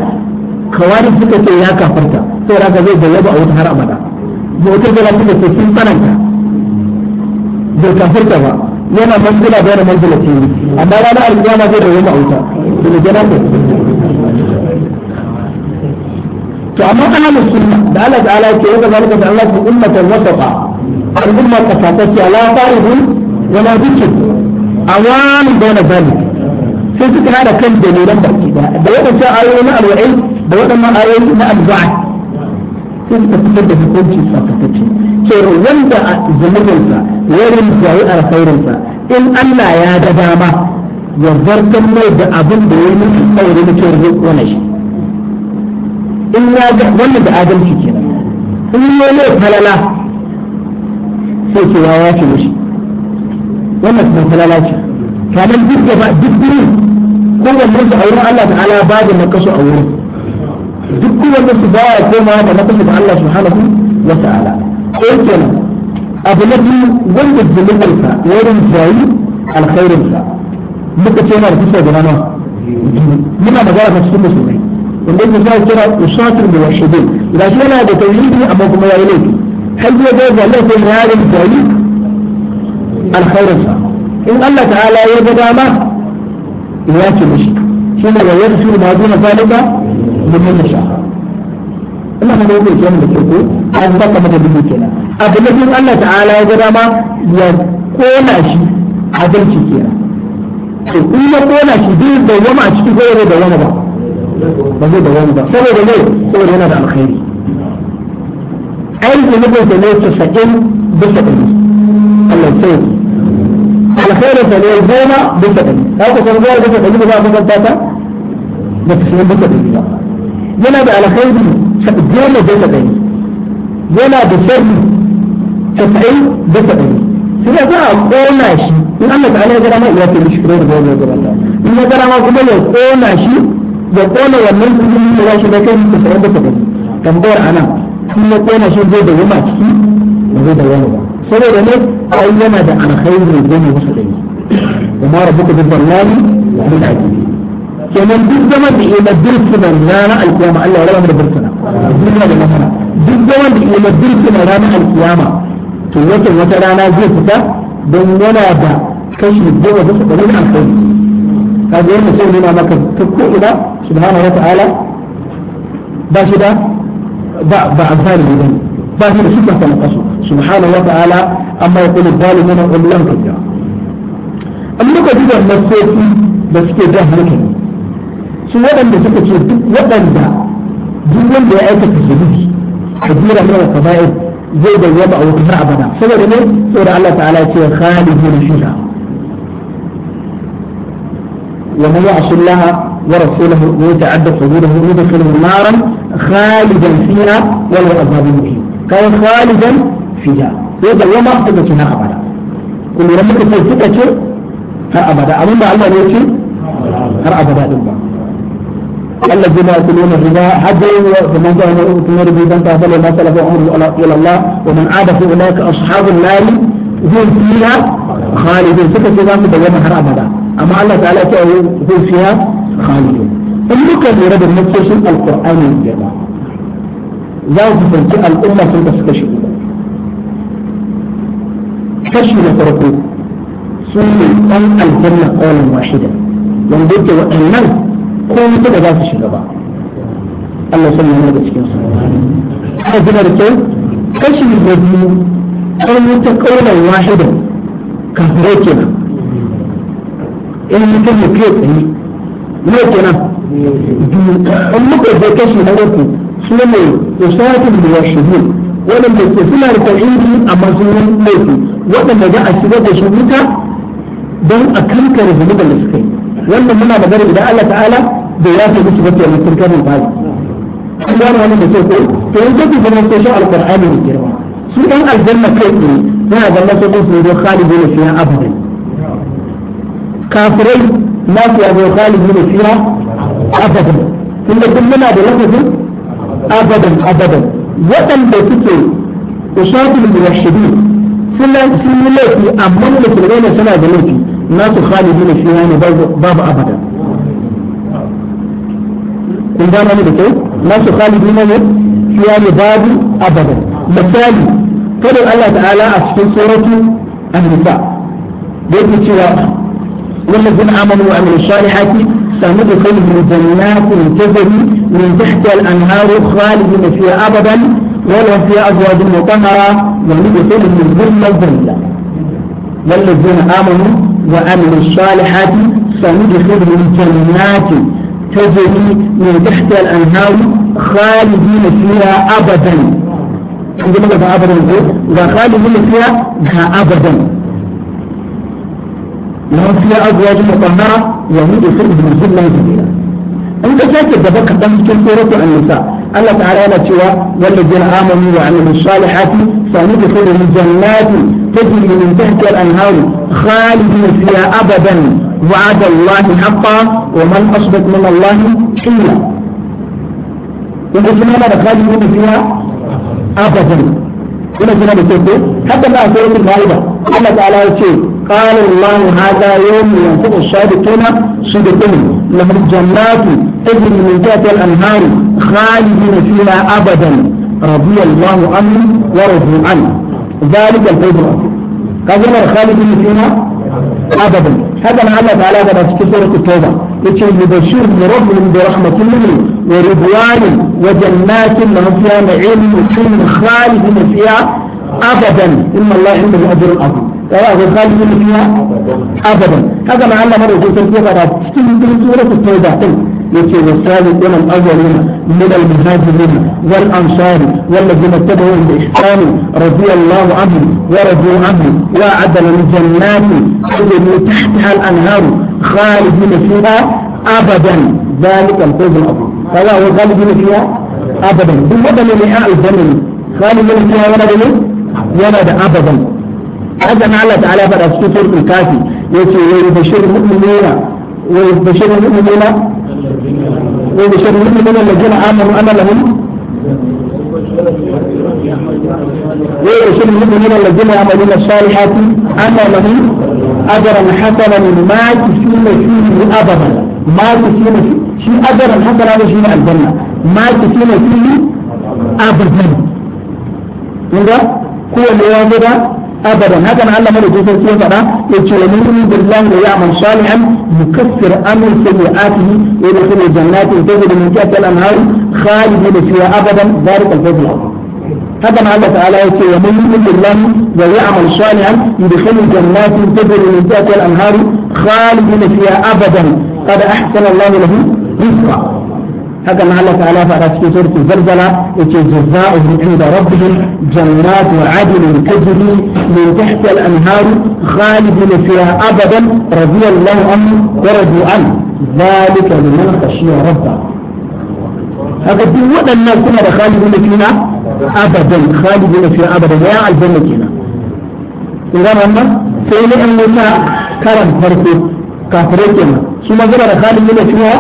kawari suka ce ya kafarta sai raka zai gallaba a wata har abada motar da lafiya da sun tsananta bai kafirta ba yana manzila bayan manzila ce amma ranar alƙiyama zai da wani auta da ne jana ta to amma ana da sunna da Allah ta ala ce yadda zalika da Allah Ku ummatan wasafa al'umma ta fatacce ala faridun wala bikin awamin bayan zalika sai suka hada kan dalilan baki da waɗancan ayoyi na alwa'ai da waɗannan ayoyi na alba'a sai suka fitar da hukunci tsaftatacce cewa wanda a zunubinsa wurin jayi alkhairinsa in Allah ya da dama ya zartar mai da abin da ya nufi kawai na cewa zai kona shi in ya ga wannan da adalci kenan in ya ne falala sai cewa ya ce mishi wannan kuma falala ce kamar duk da ba duk gurin kowanne su a wurin Allah ta'ala ba da makasu a wurin duk wanda su ba ya koma da makashi da Allah subhanahu wa ta'ala ko kenan abu na biyu wanda zulubinsa wurin jayi alkhairinsa muka ce yana da kusa da nama muna magana ta cikin musulmai wanda yake za a kira usatul muwahhidin da shi yana da tauhidi amma kuma yayi laifi har ya ga wallahi sai yarin jayi alkhairinsa in Allah ta'ala ya ga dama ya ce mishi shine wa yaghfiru ma duna zalika domin ya sha ina ma dai ke mu ke ko an saka mata dubu kenan abu na biyu Allah ta'ala ya ga dama ya kona shi adalci kenan to in ya kona shi duk da wama a cikin gobe da wama ba ba zai da wama ba saboda ne saboda yana da alkhairi ai zunubin da ne ta sakin bisa ɗari Allah ya alkhairin da ne goma bisa ɗari ka ku san goma bisa ɗari ba za a kusanta ta ba ta sayan duka ɗari ba yana da alkhairi goma duka ɗari yana da sharri tasa'in duka ɗari sai za a kona shi in Allah ta'ala ya gara ma iya ta mishi da goma ya gabata in ya gara kuma ya kona shi ya kona wannan kudin da ya shi da kai ta sayan duka ɗari tambayar ana in ya kona shi zai da yama ciki ba zai da yama ba saboda ne ai yana da alkhairi goma wasu ɗari وما ربك بالظلام للعبيد kenan duk zaman da iya birkina ranar alkiyama Allah ya rama da birkina duniya da masana duk zaman da iya birkina ranar alkiyama to wata wata rana zai fita don yana da kashi goma bisa ɗari na alkhairi kaga yadda sai nuna maka ta ko'ina subhanahu wa ta'ala ba shi da ba ba amfani da bane ba shi da suka kana kasu subhanahu wa ta'ala amma ya kullu zalimuna wallahu kabira amma ka ji da nasofi da suke da hankali su waɗanda suka ce duk waɗanda jirgin da ya aikata zunubi a jira mana kaba'ir zai da yaba a wutar abada saboda ne saboda Allah ta'ala ce khalidun fiha wa man ya'sul laha ورسوله ويتعدى حدوده ويدخله نارا خالدا فيها وله عذاب مهين كان خالدا abada يبقى وما أحدث هنا أبدا كل رمك تلتك هر أبدا أمين ce har abada din ba الذين يأكلون الربا حجا ومن كان يؤمن الربا فهذا ما سلف عمره إلى الله ومن عاد في أولئك أصحاب النار هم فيها خالدون سكت كذا من دوام حرام هذا أما الله تعالى هم فيها خالدون أمريكا رد المكسوس القرآن الكريم لا يمكن الأمة في المسكشف كشف الفرقين سنة أن الجنة قولا واحدا ينبت وأنه ko mutu da za su shiga ba Allah sun yi daga cikin su ana gina da kyau kashi da biyu kan wuta kaunar wahidan kafirai kenan in mutum ya fiye tsaye ne kenan in muka zai kashi na uku su ne usatin da ya shigo waɗanda ke suna da tauhidi a matsayin laifi waɗanda za a shigar da shi wuta don a kankare zunubin da suka yi wannan muna magana idan Allah ta'ala bai ya ce miki bace mun kirkan ba an gano wannan da ke ko to yanzu ku ga sai shi alqur'ani ne girma su dan aljanna kai ne yana ga Allah sai su zo khalidun fiha abadan kafirai na su ya zo khalidun fiha abadan kun ga muna da lafazin abadan abadan waɗanda suke usatul muwashshidin suna sun yi laifi amma mutum ne suna da laifi الناس خالدين فيها يعني باب ابدا كل دائما بكيف الناس خالدين فيها يعني باب ابدا مثالي قال الله تعالى في سورة النساء بيت الشراء والذين آمنوا وعملوا الصالحات سندخلهم جنات تزري من تحت الأنهار خالدين فيها أبدا ولا فيها أزواج مطهرة وندخلهم ظلما ظلا والذين آمنوا وعمل الصالحات سندخلهم جنات تجري من تحت الأنهار خالدين فيها أبدا عندما بقى أبدا نقول خالدين فيها بها أبدا لهم فيها أزواج مطهرة وهم يدخلهم الجنة جميلة in ka sake gaba ka dan cikin suratu an-nisa Allah ta'ala yana cewa walladheena amanu wa amilus salihati sanudkhiluhum jannatin تجري من تحت الأنهار خالدين فيها أبدا وعد الله حقا ومن أصدق من الله قيلا يقول لنا خالدين فيها أبدا kuma kuma da kyau hadda ba a sai wata ma'ida Allah ta'ala ya ce qala Allah hada yawm yanfuqu as-sadiquna sidqun lahum jannatu tajri min tahtiha al-anhar khalidina fiha abadan radiya Allah anhu wa radiya an ذلك al-fawz كذا خالد fiha أبدا هذا ما الله تعالى قد في سورة التوبة يقول يبشر بربهم برحمة منه ورضوان وجنات لهم فيها نعيم مقيم خالد فيها أبدا إن الله عنده الأجر العظيم وهو خالد فيها أبدا هذا ما الله مرة يقول في سورة التوبة يقول اجر منه من المهاجرين والأنصار والذين اتبعوهم بإحسان رضي الله عنهم ورضوا عنه وأعد لهم جنات تجري تحتها الأنهار خالدين فيها أبدا ذلك الفوز العظيم فلا هو خالدين فيها أبدا بمدن لنهاء الزمن خالدين فيها دليل ولا أبدا هذا الله تعالى بدأ في سورة الكافي يقول ويبشر المؤمنين ويبشر المؤمنين وبشر المؤمنين الذين آمنوا أن لهم وبشر المؤمنين الذين يعملون الصالحات أن لهم أجرا حسنا ما تسلم فيه أبدا ما تسلم فيه شيء أجرا حسنا هذا شيء الجنة ما تسلم فيه أبدا. Kun كل يوم ابدا هذا ما علمه له جوزيف سيما ده يقول لمن بالله ليعمل صالحا يكفر امر سيئاته ويدخل الجنات تجد من تحت الانهار خالد فيها ابدا ذلك الفضل هذا ما الله تعالى يقول لمن بالله ليعمل صالحا يدخل الجنات تجد من تحت الانهار خالد فيها ابدا قد احسن الله له رزقا هذا ما الله تعالى فرس في سورة الزلزلة جزاء عند ربهم جنات عدن تجري من تحت الأنهار خالد فيها أبدا رضي الله عنه ورضوا عنه ذلك لمن خشي ربه هذا الدين وقت الناس كنا خالد فينا أبدا خالد فيها أبدا يا الجنة فينا إذا ما سيلي أن الله كرم فرسه كافرين كما ثم ذكر خالد من الشيوع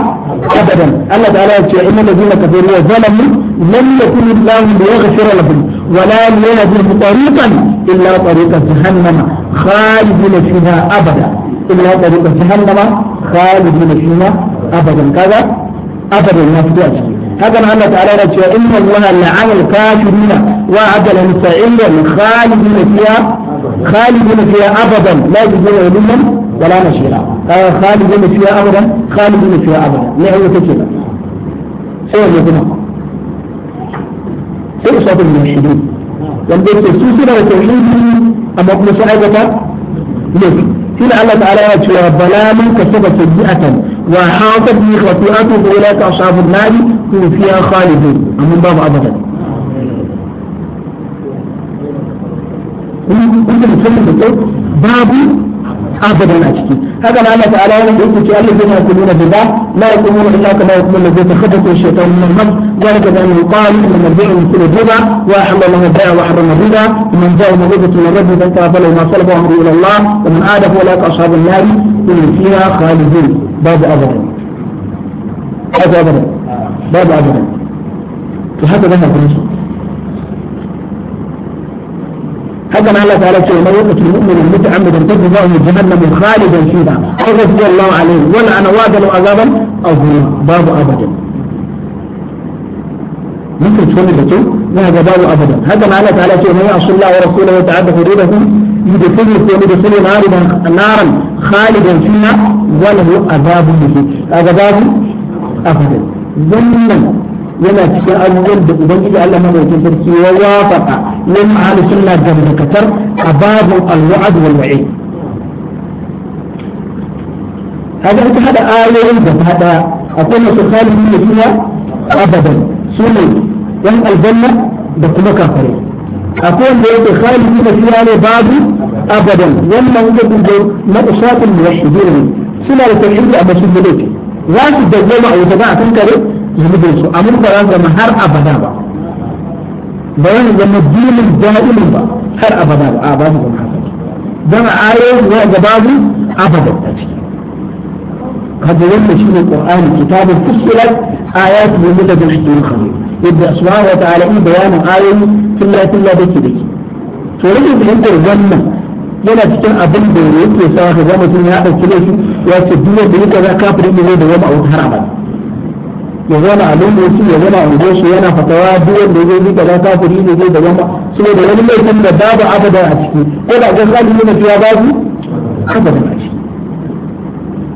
ابدا ألا تعالى يقول ان الذين كفروا وظلموا لم يكن الله ليغفر لهم ولا ليهدهم طريقا الا طريق جهنم خالد من الشيوع ابدا الا طريق جهنم خالد من الشيوع ابدا كذا ابدا ما في هذا الله تعالى يقول ان الله لعن الكافرين وعد لهم سائلا خالد من الشيوع خالد من الشيوع ابدا لا يجوز لهم ولا مشيئة قال خالد بن فيها أبدا خالد بن فيها أبدا نعم يتكلم سيد يتنقى سيد صوت الموحدين ونبيت السوسنة وتوحيدين أما أقول سعيدة ليه إن الله تعالى يتوى ظلام كسبت سبيئة وحاطت به خطيئته فأولئك أصحاب النار هم فيها خالدون من باب أبدا باب أبدا أشكي هذا معنى تعالى يقول الذين يكونون بالله لا يقومون إلا كما يقوم الذي تخبطه الشيطان من المرض ذلك بأنه يقال إن البيع كل الربا وأحل الله البيع وحرم الربا ومن جاء موعظة من ربه فانتهى ما سلف أمره إلى الله ومن عاد فأولئك أصحاب النار هم فيها خالدين باب أبدا باب أبدا باب أبدا فهذا ذهب بالنسبة حتى الله تعالى شيء ومن يقتل المؤمن المتعمد ان متعمدا تجزاه جهنم خالدا فيها او رضي الله عليه ولا انا واجل عذابا او عظيما باب ابدا ممكن تكون بتو هذا باب ابدا هذا ما الله تعالى شيء ومن يعصي الله ورسوله وتعدى حدوده يدخله ويدخله نارا نارا خالدا فيها وله عذاب به هذا باب ابدا ذنبا yana cikin abubuwan da ubangiji Allah mai ووافق yin ahli sunna gamdakatar a babin alwa'ad wal wa'i kaga ita hada ayoyin gaba daya akwai masu khalifin da fiya abadan su ne yan da kuma kafare akwai wanda yake khalifin da fiya babu abadan wannan wanda kuma matsatun muwahhidin ne suna da tauhidi a masjid da za su dawwama a kare amma su har abada ba yana zama dinin da'imin ba har abada ba a babu kuma haka dan ayo za ga babu abada a ciki kaga wannan shine qur'ani kitabun fusilat ayatu min ladun hakimin khabir yadda subhanahu wa ta'ala in bayanin ayoyi tilla tilla dake dake to rage fahimtar wannan yana cikin abin da yake sa ka ga mutum ya dauki laifi ya ce duk da yake za kafirin ne da wani abu har abada ya zauna a lungu ya zauna a ungo su yana fatawa duk wanda zai bi kaza kafiri ne zai gaban ba saboda wani laifin da babu abada a ciki ko da ga zalimi na cewa babu abada a ciki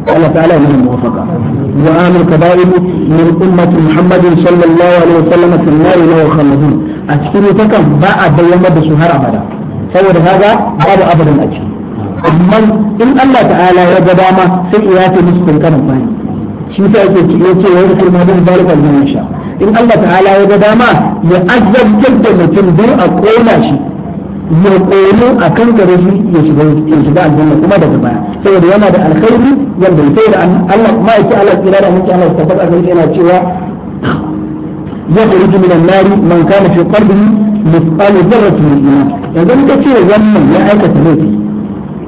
الله تعالى من الموافقة وآن الكبائر من أمة محمد صلى الله عليه وسلم في النار takan ba أتكلم تكم da su har abada saboda kaga babu abadan a ciki amma in Allah ta'ala ya ga dama sai ya ce musu kankanin fahimta. shi ta yake yace wa yadkhul ma bin zalika al sha in Allah ta'ala ya ga dama ya azabtar da mutum don a kona shi ya koyo a kan gare shi ya shiga ya shiga aljanna kuma daga baya saboda yana da alkhairi wanda sai da Allah ma yake Allah tsira da mutum Allah tabbata ga yana cewa يخرج من النار من كان في قلبه مثقال ذرة من إيمان إذا أنت wannan ya aikata laifi. تلوتي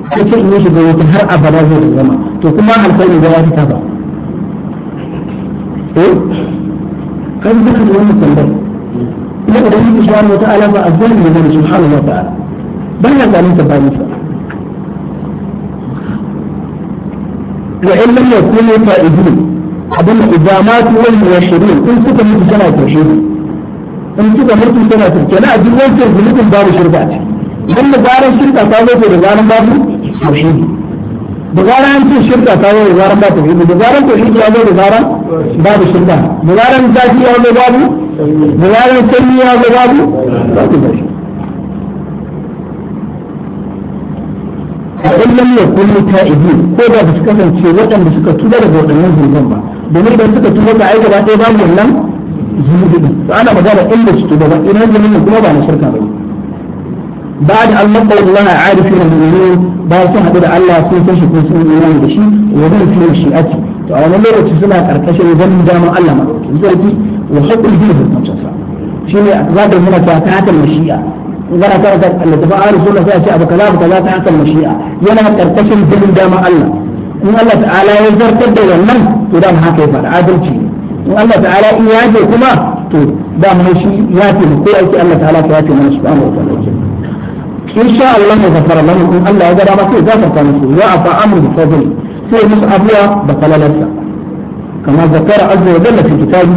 kace in ya shiga wata har abada zai zama to kuma alƙalmi da ya fita ba هذا ذكر الإمام التنبيه لقد الله سبحانه وتعالى فأذان من سبحانه وتعالى بل هذا أنت فاهمك وإن لم يكونوا فائزين abin da ma su wani ya shirin in suka mutu tana tashi in suka mutu tana tashi na duk wancan zunubin babu shirka ce idan da zaran shirka ta zo da zaran babu tashi da gara an ce shirka ta zo da zaran ba tauhidi da zaran tauhidi ya zo da zaran babu shirka da zaran zafi ya zo babu da zaran sanyi ya zo babu ba zai zafi a illam ya ta ta'ibi ko da su kasance waɗanda suka tuba daga waɗannan zunuban ba domin idan suka tuba ba ai ba ɗaya babu wannan zunubi ba ana magana illa su tuba ba ina zunubi kuma ba na shirka ba ne بعد أن لقوا الله عاد عارفين المؤمنين بعد صحبة الله سن تشكو سنة الإيمان بشيء وذن في مشيئتي فأنا لو تسمع كركشة وذن دام الله مدوك إنسانتي وحق الجنة في المتصفى شيء ذات هنا تحت المشيئة إذا كانت اللي تفعل رسول سنة فيها أبو كلام كذا تحت المشيئة ينا كركشة وذن دام الله إن الله تعالى يزر تبدأ ونن تدام هكذا عادل شيء إن الله تعالى إياجه كما تدام هشي ياتي بقوة الله تعالى فياتي من سبحانه وتعالى in sha Allah ya zafara lamun in Allah ya gada ma sai zafarta musu ya afa amru bi fadli sai musu abuwa da falalarsa Kama zakara azza wa jalla fi kitabi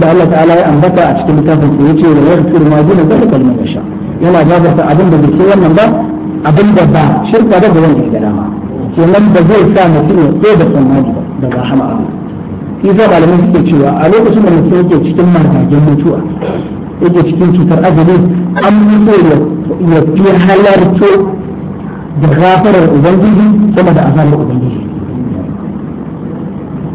da Allah ta'ala ya ambata a cikin littafin sa yace wa yaqul ma dina da kalmar yasha yana jabarta abinda da bai wannan ba abin da ba shirka da gaban da gada ma ke nan da zai sa mutum ya a da san maji da rahama Allah kisa malamin suke cewa a lokacin da mutum yake cikin marhajin mutuwa yake cikin cutar azumi an so ya fi halarto da gafarar ubangiji sama da azabar ubangiji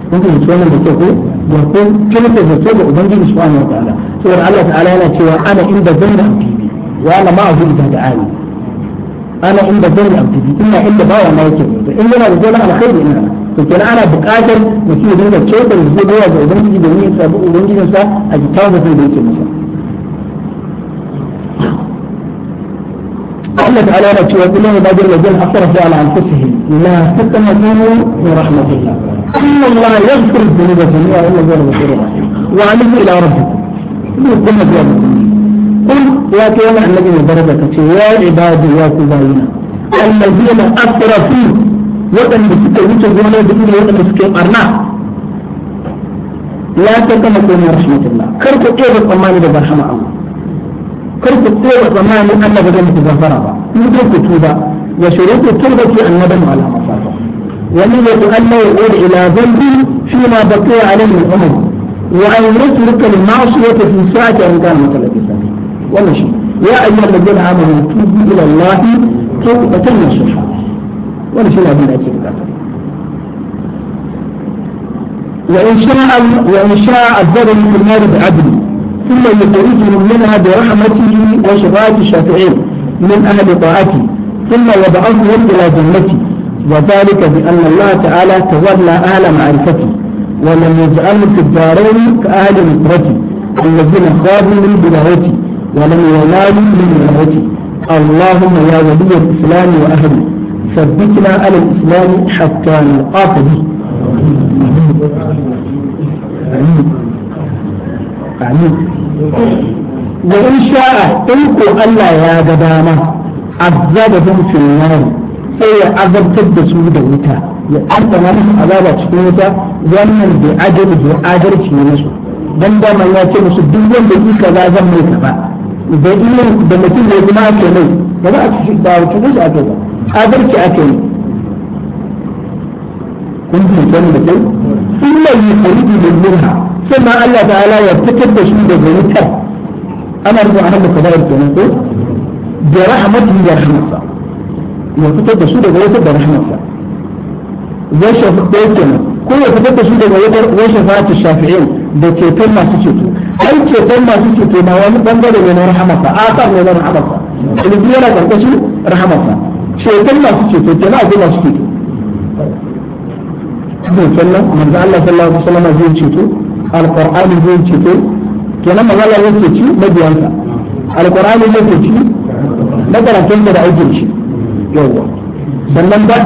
kun fahimci wannan da kyau ko ya ko kilta da kyau da ubangiji subhanahu wataala saboda Allah ta'ala yana cewa ana inda zanna abdi wa la ma'budu da ta'ala ana inda zanna abdi ina inda bawa na yake to in yana da zanna alkhairi ina to kenan ana buƙatar mutum ya dinga kyautar zuwa ga ubangiji domin ya sabu ubangijinsa a kitabun da yake masa الله تعالى يقول وكلهم بعد الذين أسرفوا على أنفسهم لا تتمكنوا من رحمة الله إن الله يغفر الذنوب جميعا إلا هو الغفور الرحيم وعليه إلى ربكم قل قل يا كيما الذين درجتك يا عبادي يا كباينا الذين أسرفوا وطن بسكة وجه جمعنا بسكة وطن بسكة أرنا لا تتمكنوا من رحمة الله كركوا إيه بالطمان برحمة الله kar ku tsere zamani Allah ba zai muku gafara ba in dai ku tuba wa shurutu tawbati annadamu إلى ذنب فيما بقي عليه العمر وأن يترك المعصية في ساعة إن كان متلبسا ومشي يا أيها الذين آمنوا توبوا إلى الله توبة نصوحا ومشي لا بد أن وإن شاء وإن شاء الذر في النار ثم يخرجهم منها برحمته وشفاعة الشافعين من أهل طاعته ثم يبعثهم إلى جنته وذلك بأن الله تعالى تولى أهل معرفته ولم يجعل في الدارين كأهل نصرتي الذين خابوا من بدايته ولم ينالوا من ولايته اللهم يا ولي الإسلام وأهله ثبتنا على الإسلام حتى نلقاك به amin wa in sha'a in ko Allah ya ga dama azabahum fil nar sai ya azabtar da su da wuta ya azaba musu azaba cikin wuta wannan bi adali da adalci ne musu dan da ya ce musu duk wanda yi kaza zan mai kaza da irin da mutum da kuma ake mai ba za a ci ba wata gudu ake ba adalci ake yi kun fahimta ne da kai illa yi karibi da minha sannan Allah ta'ala ya fitar da shi daga wutar ana rubun a hannun kabarar kenan ko da rahmatin ya rahmatsa ya fitar da shi daga wutar da rahmatsa zai shafi ɗaya kenan ko ya fitar da shi daga wutar wai shafa'atu shafi'in da ceton masu ceto ai ceton masu ceto ma wani bangare ne na rahmatsa asar ne na rahmatsa ilimi yana karkashin rahmatsa ceton masu ceto kenan akwai masu ceto cikin kenan manzo Allah sallallahu alaihi wasallam zai ceto alqur'ani zai ceto kenan manzo Allah zai ceci mabiyansa alqur'ani zai ceci da aikin shi yawa sannan ba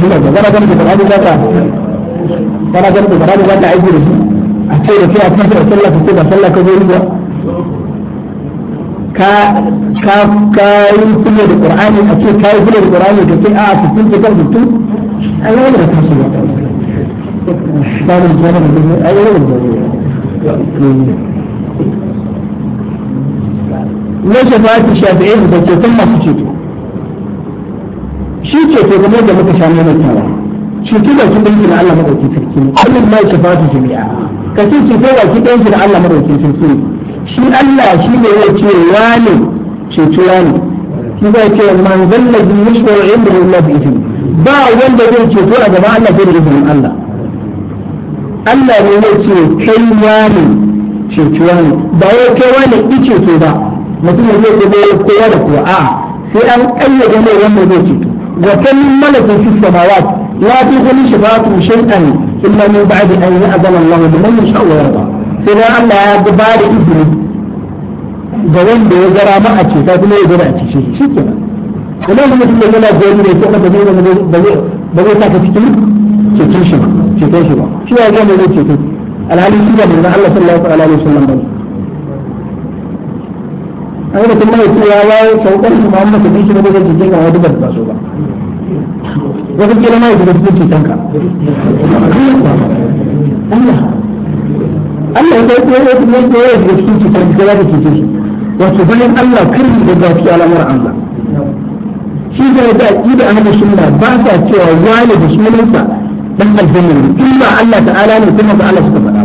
kuma da da qur'ani za ta da qur'ani za shi a ce da kai a kan sallah ka ce sallah ka ba ka yi kulle da qur'ani a ce ka yi kulle da qur'ani da ke a sittin da kan sittin ai wani da kan shiga samun jama'a da ai wani da ne shafa'ati shafi'i da ceton masu ceto shi ceto game da muka sha maimaitawa ceto da kudin na Allah madauki sarki ne kullum ma shafa'ati jami'a ka ce ceto da kudin na Allah madauki sarki ne shi Allah shi ne ya ce wani ceto wani shi zai ce man zallabi yashwar inda Allah bi izini ba wanda zai ceto a gaban Allah sai da izinin Allah Allah ne ya ce kai wani ceto wani ba wai kai wani ki ceto ba mutum zai ce kowa da kowa a sai an ayyana mai wanda zai ceto wa kan malakin fi samawat la tughni shafa'atu shay'an illa min ba'di an ya'zana Allah liman yasha'u wa yarda sai Allah ya ga ba da izini ga wanda ya gara ma a kuma ya gara a shi kuma mutum yana gari kuma zai ba zai saka cikin shi ba shi ba shi ya ga zai alhali shi Allah sallallahu alaihi wasallam ba kuma ya ya saukar shi shi ba so ba kira ma cikin ka Allah Allah ya ga ya yi da yawa da cikin cutar da za ta shi wato bayan Allah kirki da gafi al'amar Allah shi da ya da da ahli sunna ba sa cewa wani da sunansa dan aljanna ne in ba Allah ta'ala ne kuma ba Allah suka faɗa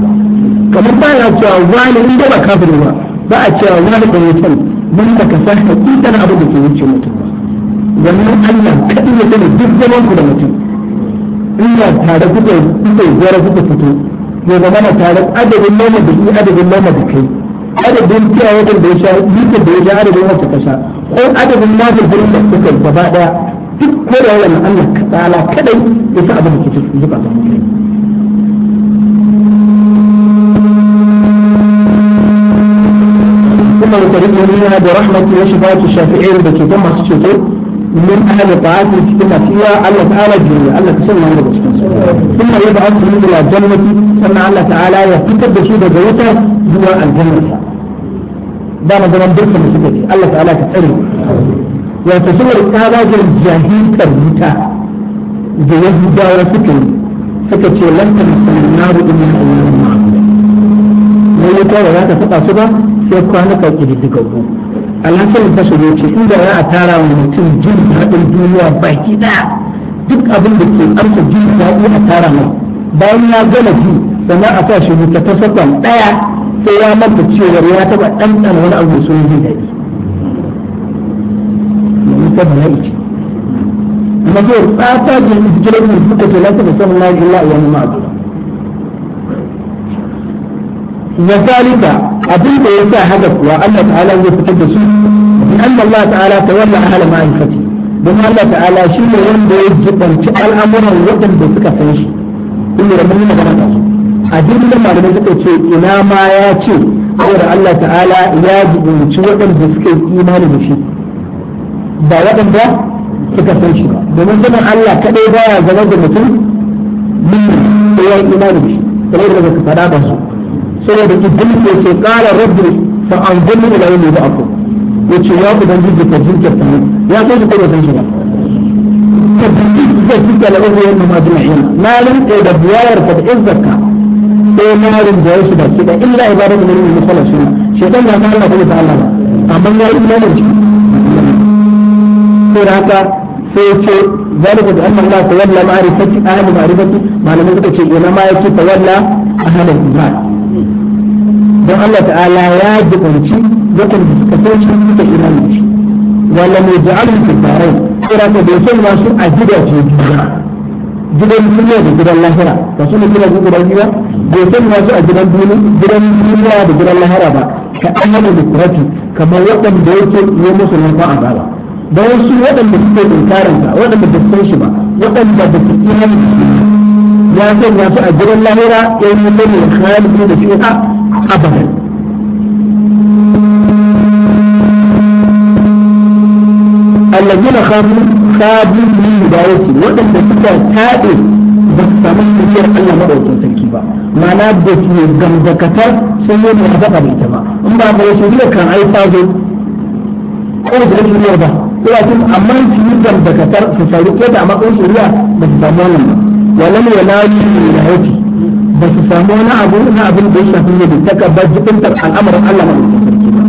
ba kamar ba ya cewa wani in ba kafiri ba ba a cewa wani da mutum mun da ka san ka kitan abu da ke wuce mutum ba wannan Allah kadai ya sani duk zaman ku da mutum in ya tare kuka kuka gwara kuka fito ya zama na tarin adadin noma da shi adadin noma da kai adadin kiya wajen da ya sha litar da ya sha adadin wata ta sha ko adadin nafin gurin da suka yi gaba daya duk ko da yawan Allah ta'ala kadai ya sa abin da ke cikin zuba da mutane ثم يتركه منها برحمة وشفاعة الشافعين بكي تم سجده من أهل طاعات التي تم فيها الله تعالى جميع الله تسمى عند ثم يبعث من إلى الجنة sannan Allah ta'ala ya fitar da shi daga wuta zuwa aljannarsa ba na zaman dukkan da suka ce Allah ta'ala ta tsare wato ta da tsabagen jahilkar wuta da yahudawa suka yi suka ce lantar sanin naru ina a wurin ma'amala na wuta ba za ta taɓa su ba sai kwanuka ƙididdigaggu alhassan ta shigo ce inda za a tara wa mutum jin daɗin duniya baki ɗaya duk abin da ke amsa jin daɗi a tara mai bayan ya gama ji sannan a sa shi wuta ta sakon ɗaya sai ya manta cewa ya taɓa ɗanɗan wani abu sun yi daɗi domin ta bala'i ce amma zai tsata ji mu jira mu suka ce lafiya da samun lafiya illa wani ma'azu wa zalika abin da yasa haka kuwa Allah ta'ala zai fitar da su in Allah ta'ala ta walla ahla ma'rifati don Allah ta'ala shi ne wanda ya jibanci al'amuran waɗanda suka san shi kullu rabbil magana ta su a dukkan malamai suka ce ina ma ya ce saboda Allah ta'ala ya jibinci waɗanda suka yi imani da shi ba waɗanda suka san shi ba domin zaman Allah kaɗai ya zama da mutum min ya yi imani da shi kamar da baka faɗa ba su saboda iblis ya ce ƙara rabbi fa anzurni ila yawmi ba'akum yace ya ce ya ku ubangiji ka jinkirta mu ya san shi ko ba san shi ba ka jinkirta ka jinkirta la'ubu mu ma'ajma'in na rinƙe da buwayar ka da izzarka ɗaya marin da yasu da kiɗa illa da shi ya fara da ta Allah amma ya yi imanin shi sai haka sai ce zalika da Allah ta ahli malamin ce ina ma yake ta ahli dan Allah ta'ala ya dubanci zakan da suka san shi imani shi wala sai haka a gidaje ba gidan duniya da gidan lahira ba su ne kira su guda biyu ba bai sanya su a gidan gidan duniya da gidan lahira ba ka amana da kuratu kamar waɗanda yake yi musu nufa a baba don su waɗanda suke inkarin sa waɗanda ba san shi ba waɗanda ba su iya yi ya sanya su a gidan lahira ya yi musu ne khalidu da fiha abadan الذين خابوا خابوا guda yake waɗanda suka taɗe ba su samu tafiyar Allah maɗaukin sarki ba mana da su gamzakatar sun yi mai zaɓa da ita ba in ba ba wasu ne kan ai zo ko da rashin yau ba ina cin amma su yi gamzakatar su faru ko da matsayin shari'a ba su samu wannan ba walam ya lalu ya hauki ba su samu wani abu na abin da ya shafi ne da jikin ta al'amarin Allah maɗaukin sarki ba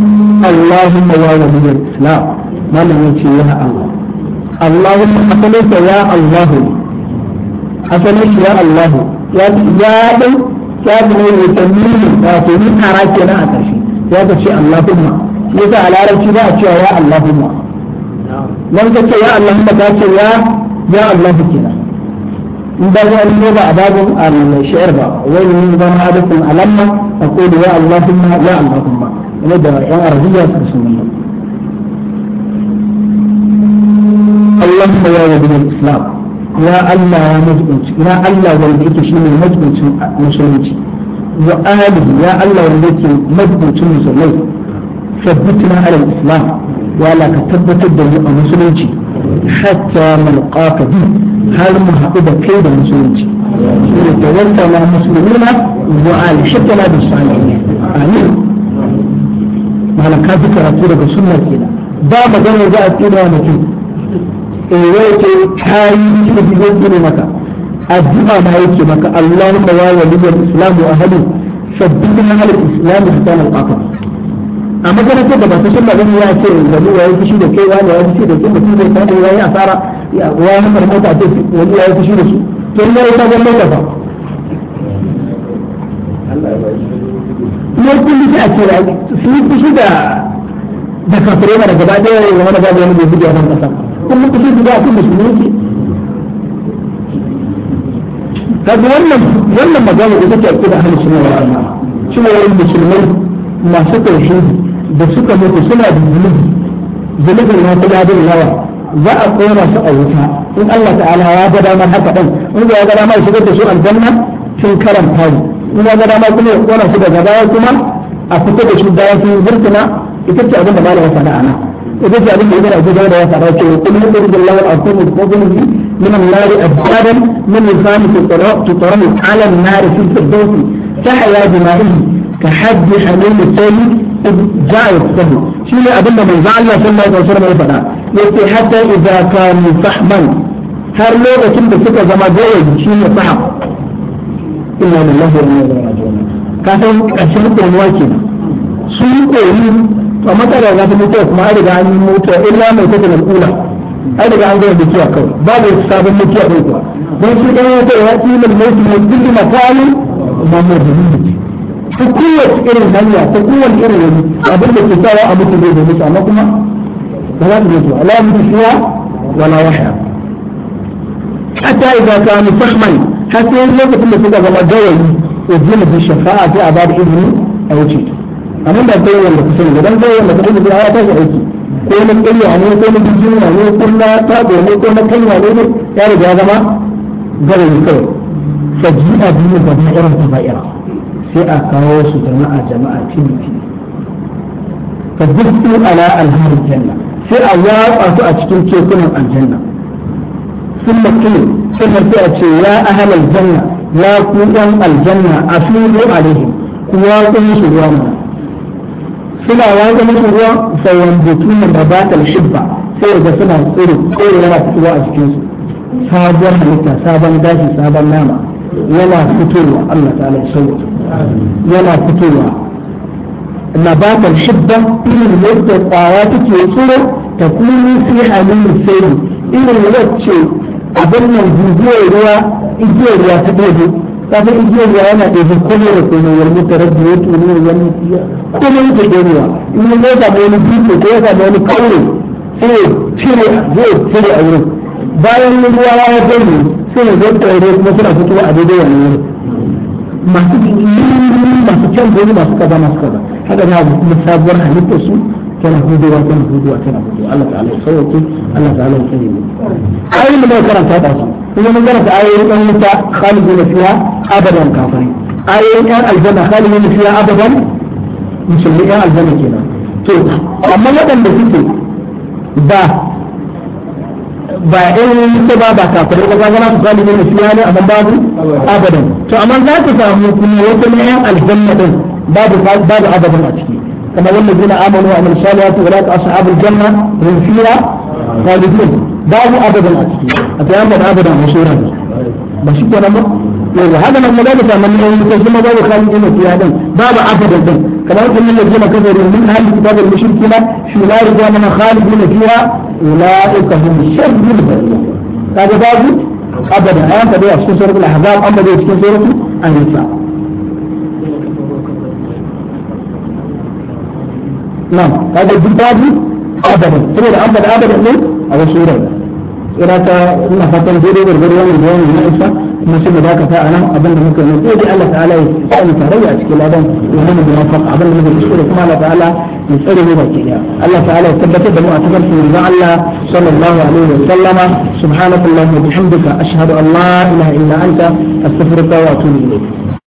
Allahumma wa wa biyar islam malamin ce ya Allah اللهم أسألك يا الله أسألك يا الله يا يا يا ابن يسميني وأتوني أراك أنا أتشي يا تشي اللهم يسا على رأسي لا أتشي يا اللهم لم تشي يا اللهم تشي يا يا الله كده in ba za a yi ba a babin al-shi'ar ba wai ne ba ma da kun alamma a ya allahumma ya allahumma ne da yan arabiya su sunan Allah kuma ya yi dinar Islam ya Allah ya mazbunci ya Allah wanda yake shi ne mazbuncin musulunci ya Allah wanda yake mazbuncin musulmai sabbatina ala Islam ya ka tabbatar da mu a musulunci hatta mal qaqadi har mu haɗu da kai da musulunci shi da wanda ma musulmuna wa alihi tana da salihin amin malaka duka ratu daga sunna kenan ba magana za a tsira mutum tsoro yake kayi shi zai ne maka addu'a ma yake maka Allahumma ya waliyal islamu ahadu sabbin hal islamu hasan al-aqab a makarantar da ba ta shirya gani ya ce wani ya yi fushi da kai wani ya yi fushi da kai mutum zai kada ya yi asara ya yi masa mota ce wani ya yi fushi da su to ya yi sabon mota ba ne kun bi a ce su yi fushi da da kafirai da gaba ɗaya ya zama da babu wani bai fuji a nan ƙasa Kun kullum ku shiga a cikin musulunci kaga wannan wannan magana ita ce akida ahlus sunna wal jamaa cewa musulmai masu tauhidi da suka mutu suna da zunubi zunubin na ta gadin yawa za a koma su a wuta in Allah ta'ala ya ga damar haka dan in ya ga damar shigar da su aljanna tun karan fari in ya ga damar kuma ya kona su daga baya kuma a fita da su bayan sun zurtuna ita ce abin da malama sana'a na. وده جاء لك إذا أبو داود وفراته وقل يقول الله العظيم بفضله من النار أبوابا من لسان تطرم على النار في الفردوس تحيا دمائه كحد حميم الثاني جاء يقصده شيء أبدا من زعل الله صلى الله عليه وسلم يفعل يقول حتى إذا كان صحبا har lokacin da suka zama gawayi shi ne sahab inna lillahi wa inna ilaihi raji'un ka san ƙarshen kurmuwa kenan sun koyi to matsala za ta mutuwa kuma an riga an yi mutuwa illa mai kata na kula an riga an gaya da kiya kawai babu sabon mutuwa ɗin kuwa don shi ɗan ya ce ya ci min mutu mai dindi makali ma mu da mutu ta kowace irin hanya ta kowace irin wani abin da ke sawa a mutu zai da mutu amma kuma ba za ta mutu ala mutu shiwa wala wahaya hatta idza kanu fahman har sai lokacin da suka zama gawayi ya jina bi shafa'a sai a ba da izini a wuce amma ba kai wanda kusa ne dan kai wanda kusa ne ya ta aiki ko na kirya ne ko na bijina ne ko na tabo ne ko na kanya ne ya riga zama gare ne kai. faji a biyu da da'irar ta ba'ira sai a kawo su jama'a jama'a fili fili fa dukku ala janna sai a watsa su a cikin kekunan aljanna ya قيل ثم تأتي يا أهل الجنة يا قوم الجنة أفيضوا عليهم قواتهم سبحانه suna wanzu musu ruwa sauran butunan da ba ta shibba sai da suna tsoro tsoro yana fitowa a cikinsu sabon halitta sabon gashi sabon nama yana fitowa Allah ta'ala ya sauwa yana fitowa Na nabatar shibba irin yadda kwaya take tsoro ta kuma fi halin sai irin ce abin nan guguwar ruwa igiyar ruwa ta dade kafa igiyar ya yana da shi da kome ya mu tare da yake ne ya mu iya kome yake ganewa in ya samu wani fito ko ya samu wani kaure sai cire zai cire a wurin bayan ruwa ya gani sai ya zanta aure kuma suna fitowa a daidai wannan wurin masu masu kyan gani masu kaza masu kaza haka na kuma sabuwar halittar su tana hudowa tana hudowa tana hudowa Allah ta'ala ya sauke Allah ta'ala ya sani ayoyin da muka karanta da su kuma mun karanta ayoyin ɗan wuta khalidun fiha abadan kafirai ayoyin ɗan aljanna khalidun fiha abadan musulmi ɗan aljanna kenan to amma waɗanda suke ba ba irin wuta ba ba kafirai ba kaga na su khalidun fiha ne amma babu abadan to amma za ka samu kuma wata na ɗan aljanna din babu babu abadan a ciki كما والذين امنوا وعملوا الصالحات اولئك اصحاب الجنه هم فيها khalidun babu abadan a ciki a ta yanka da abadan a shirin ba shi kenan ba yanzu haka nan madarisa man ne ta kuma babu khalidun fiya din babu abadan din kamar kun nan jima kafir min ahli kitab al mushrikin fi nar jahannam khalidun fiha ulaika hum sharrul bariyah kaga babu abadan ayan ta da cikin suratul ahzab amma da cikin suratul an-nisa نعم هذا الباب abadan da abada abadan ne a wasu wurare ina ta ina fatan daidai gurgurin wannan da wannan isa kuma shi da ka ta anan abin da muka yi daidai Allah ta'ala ya sani tarayya a cikin ladan muke da muka abin da muka kuskure kuma Allah ta'ala ya tsare mu baki daya Allah ta'ala ya tabbatar da mu a cikin sunan Allah sallallahu alaihi wa sallama subhanallahi wa bihamdika ashhadu an la ilaha illa anta astaghfiruka wa atubu ilayk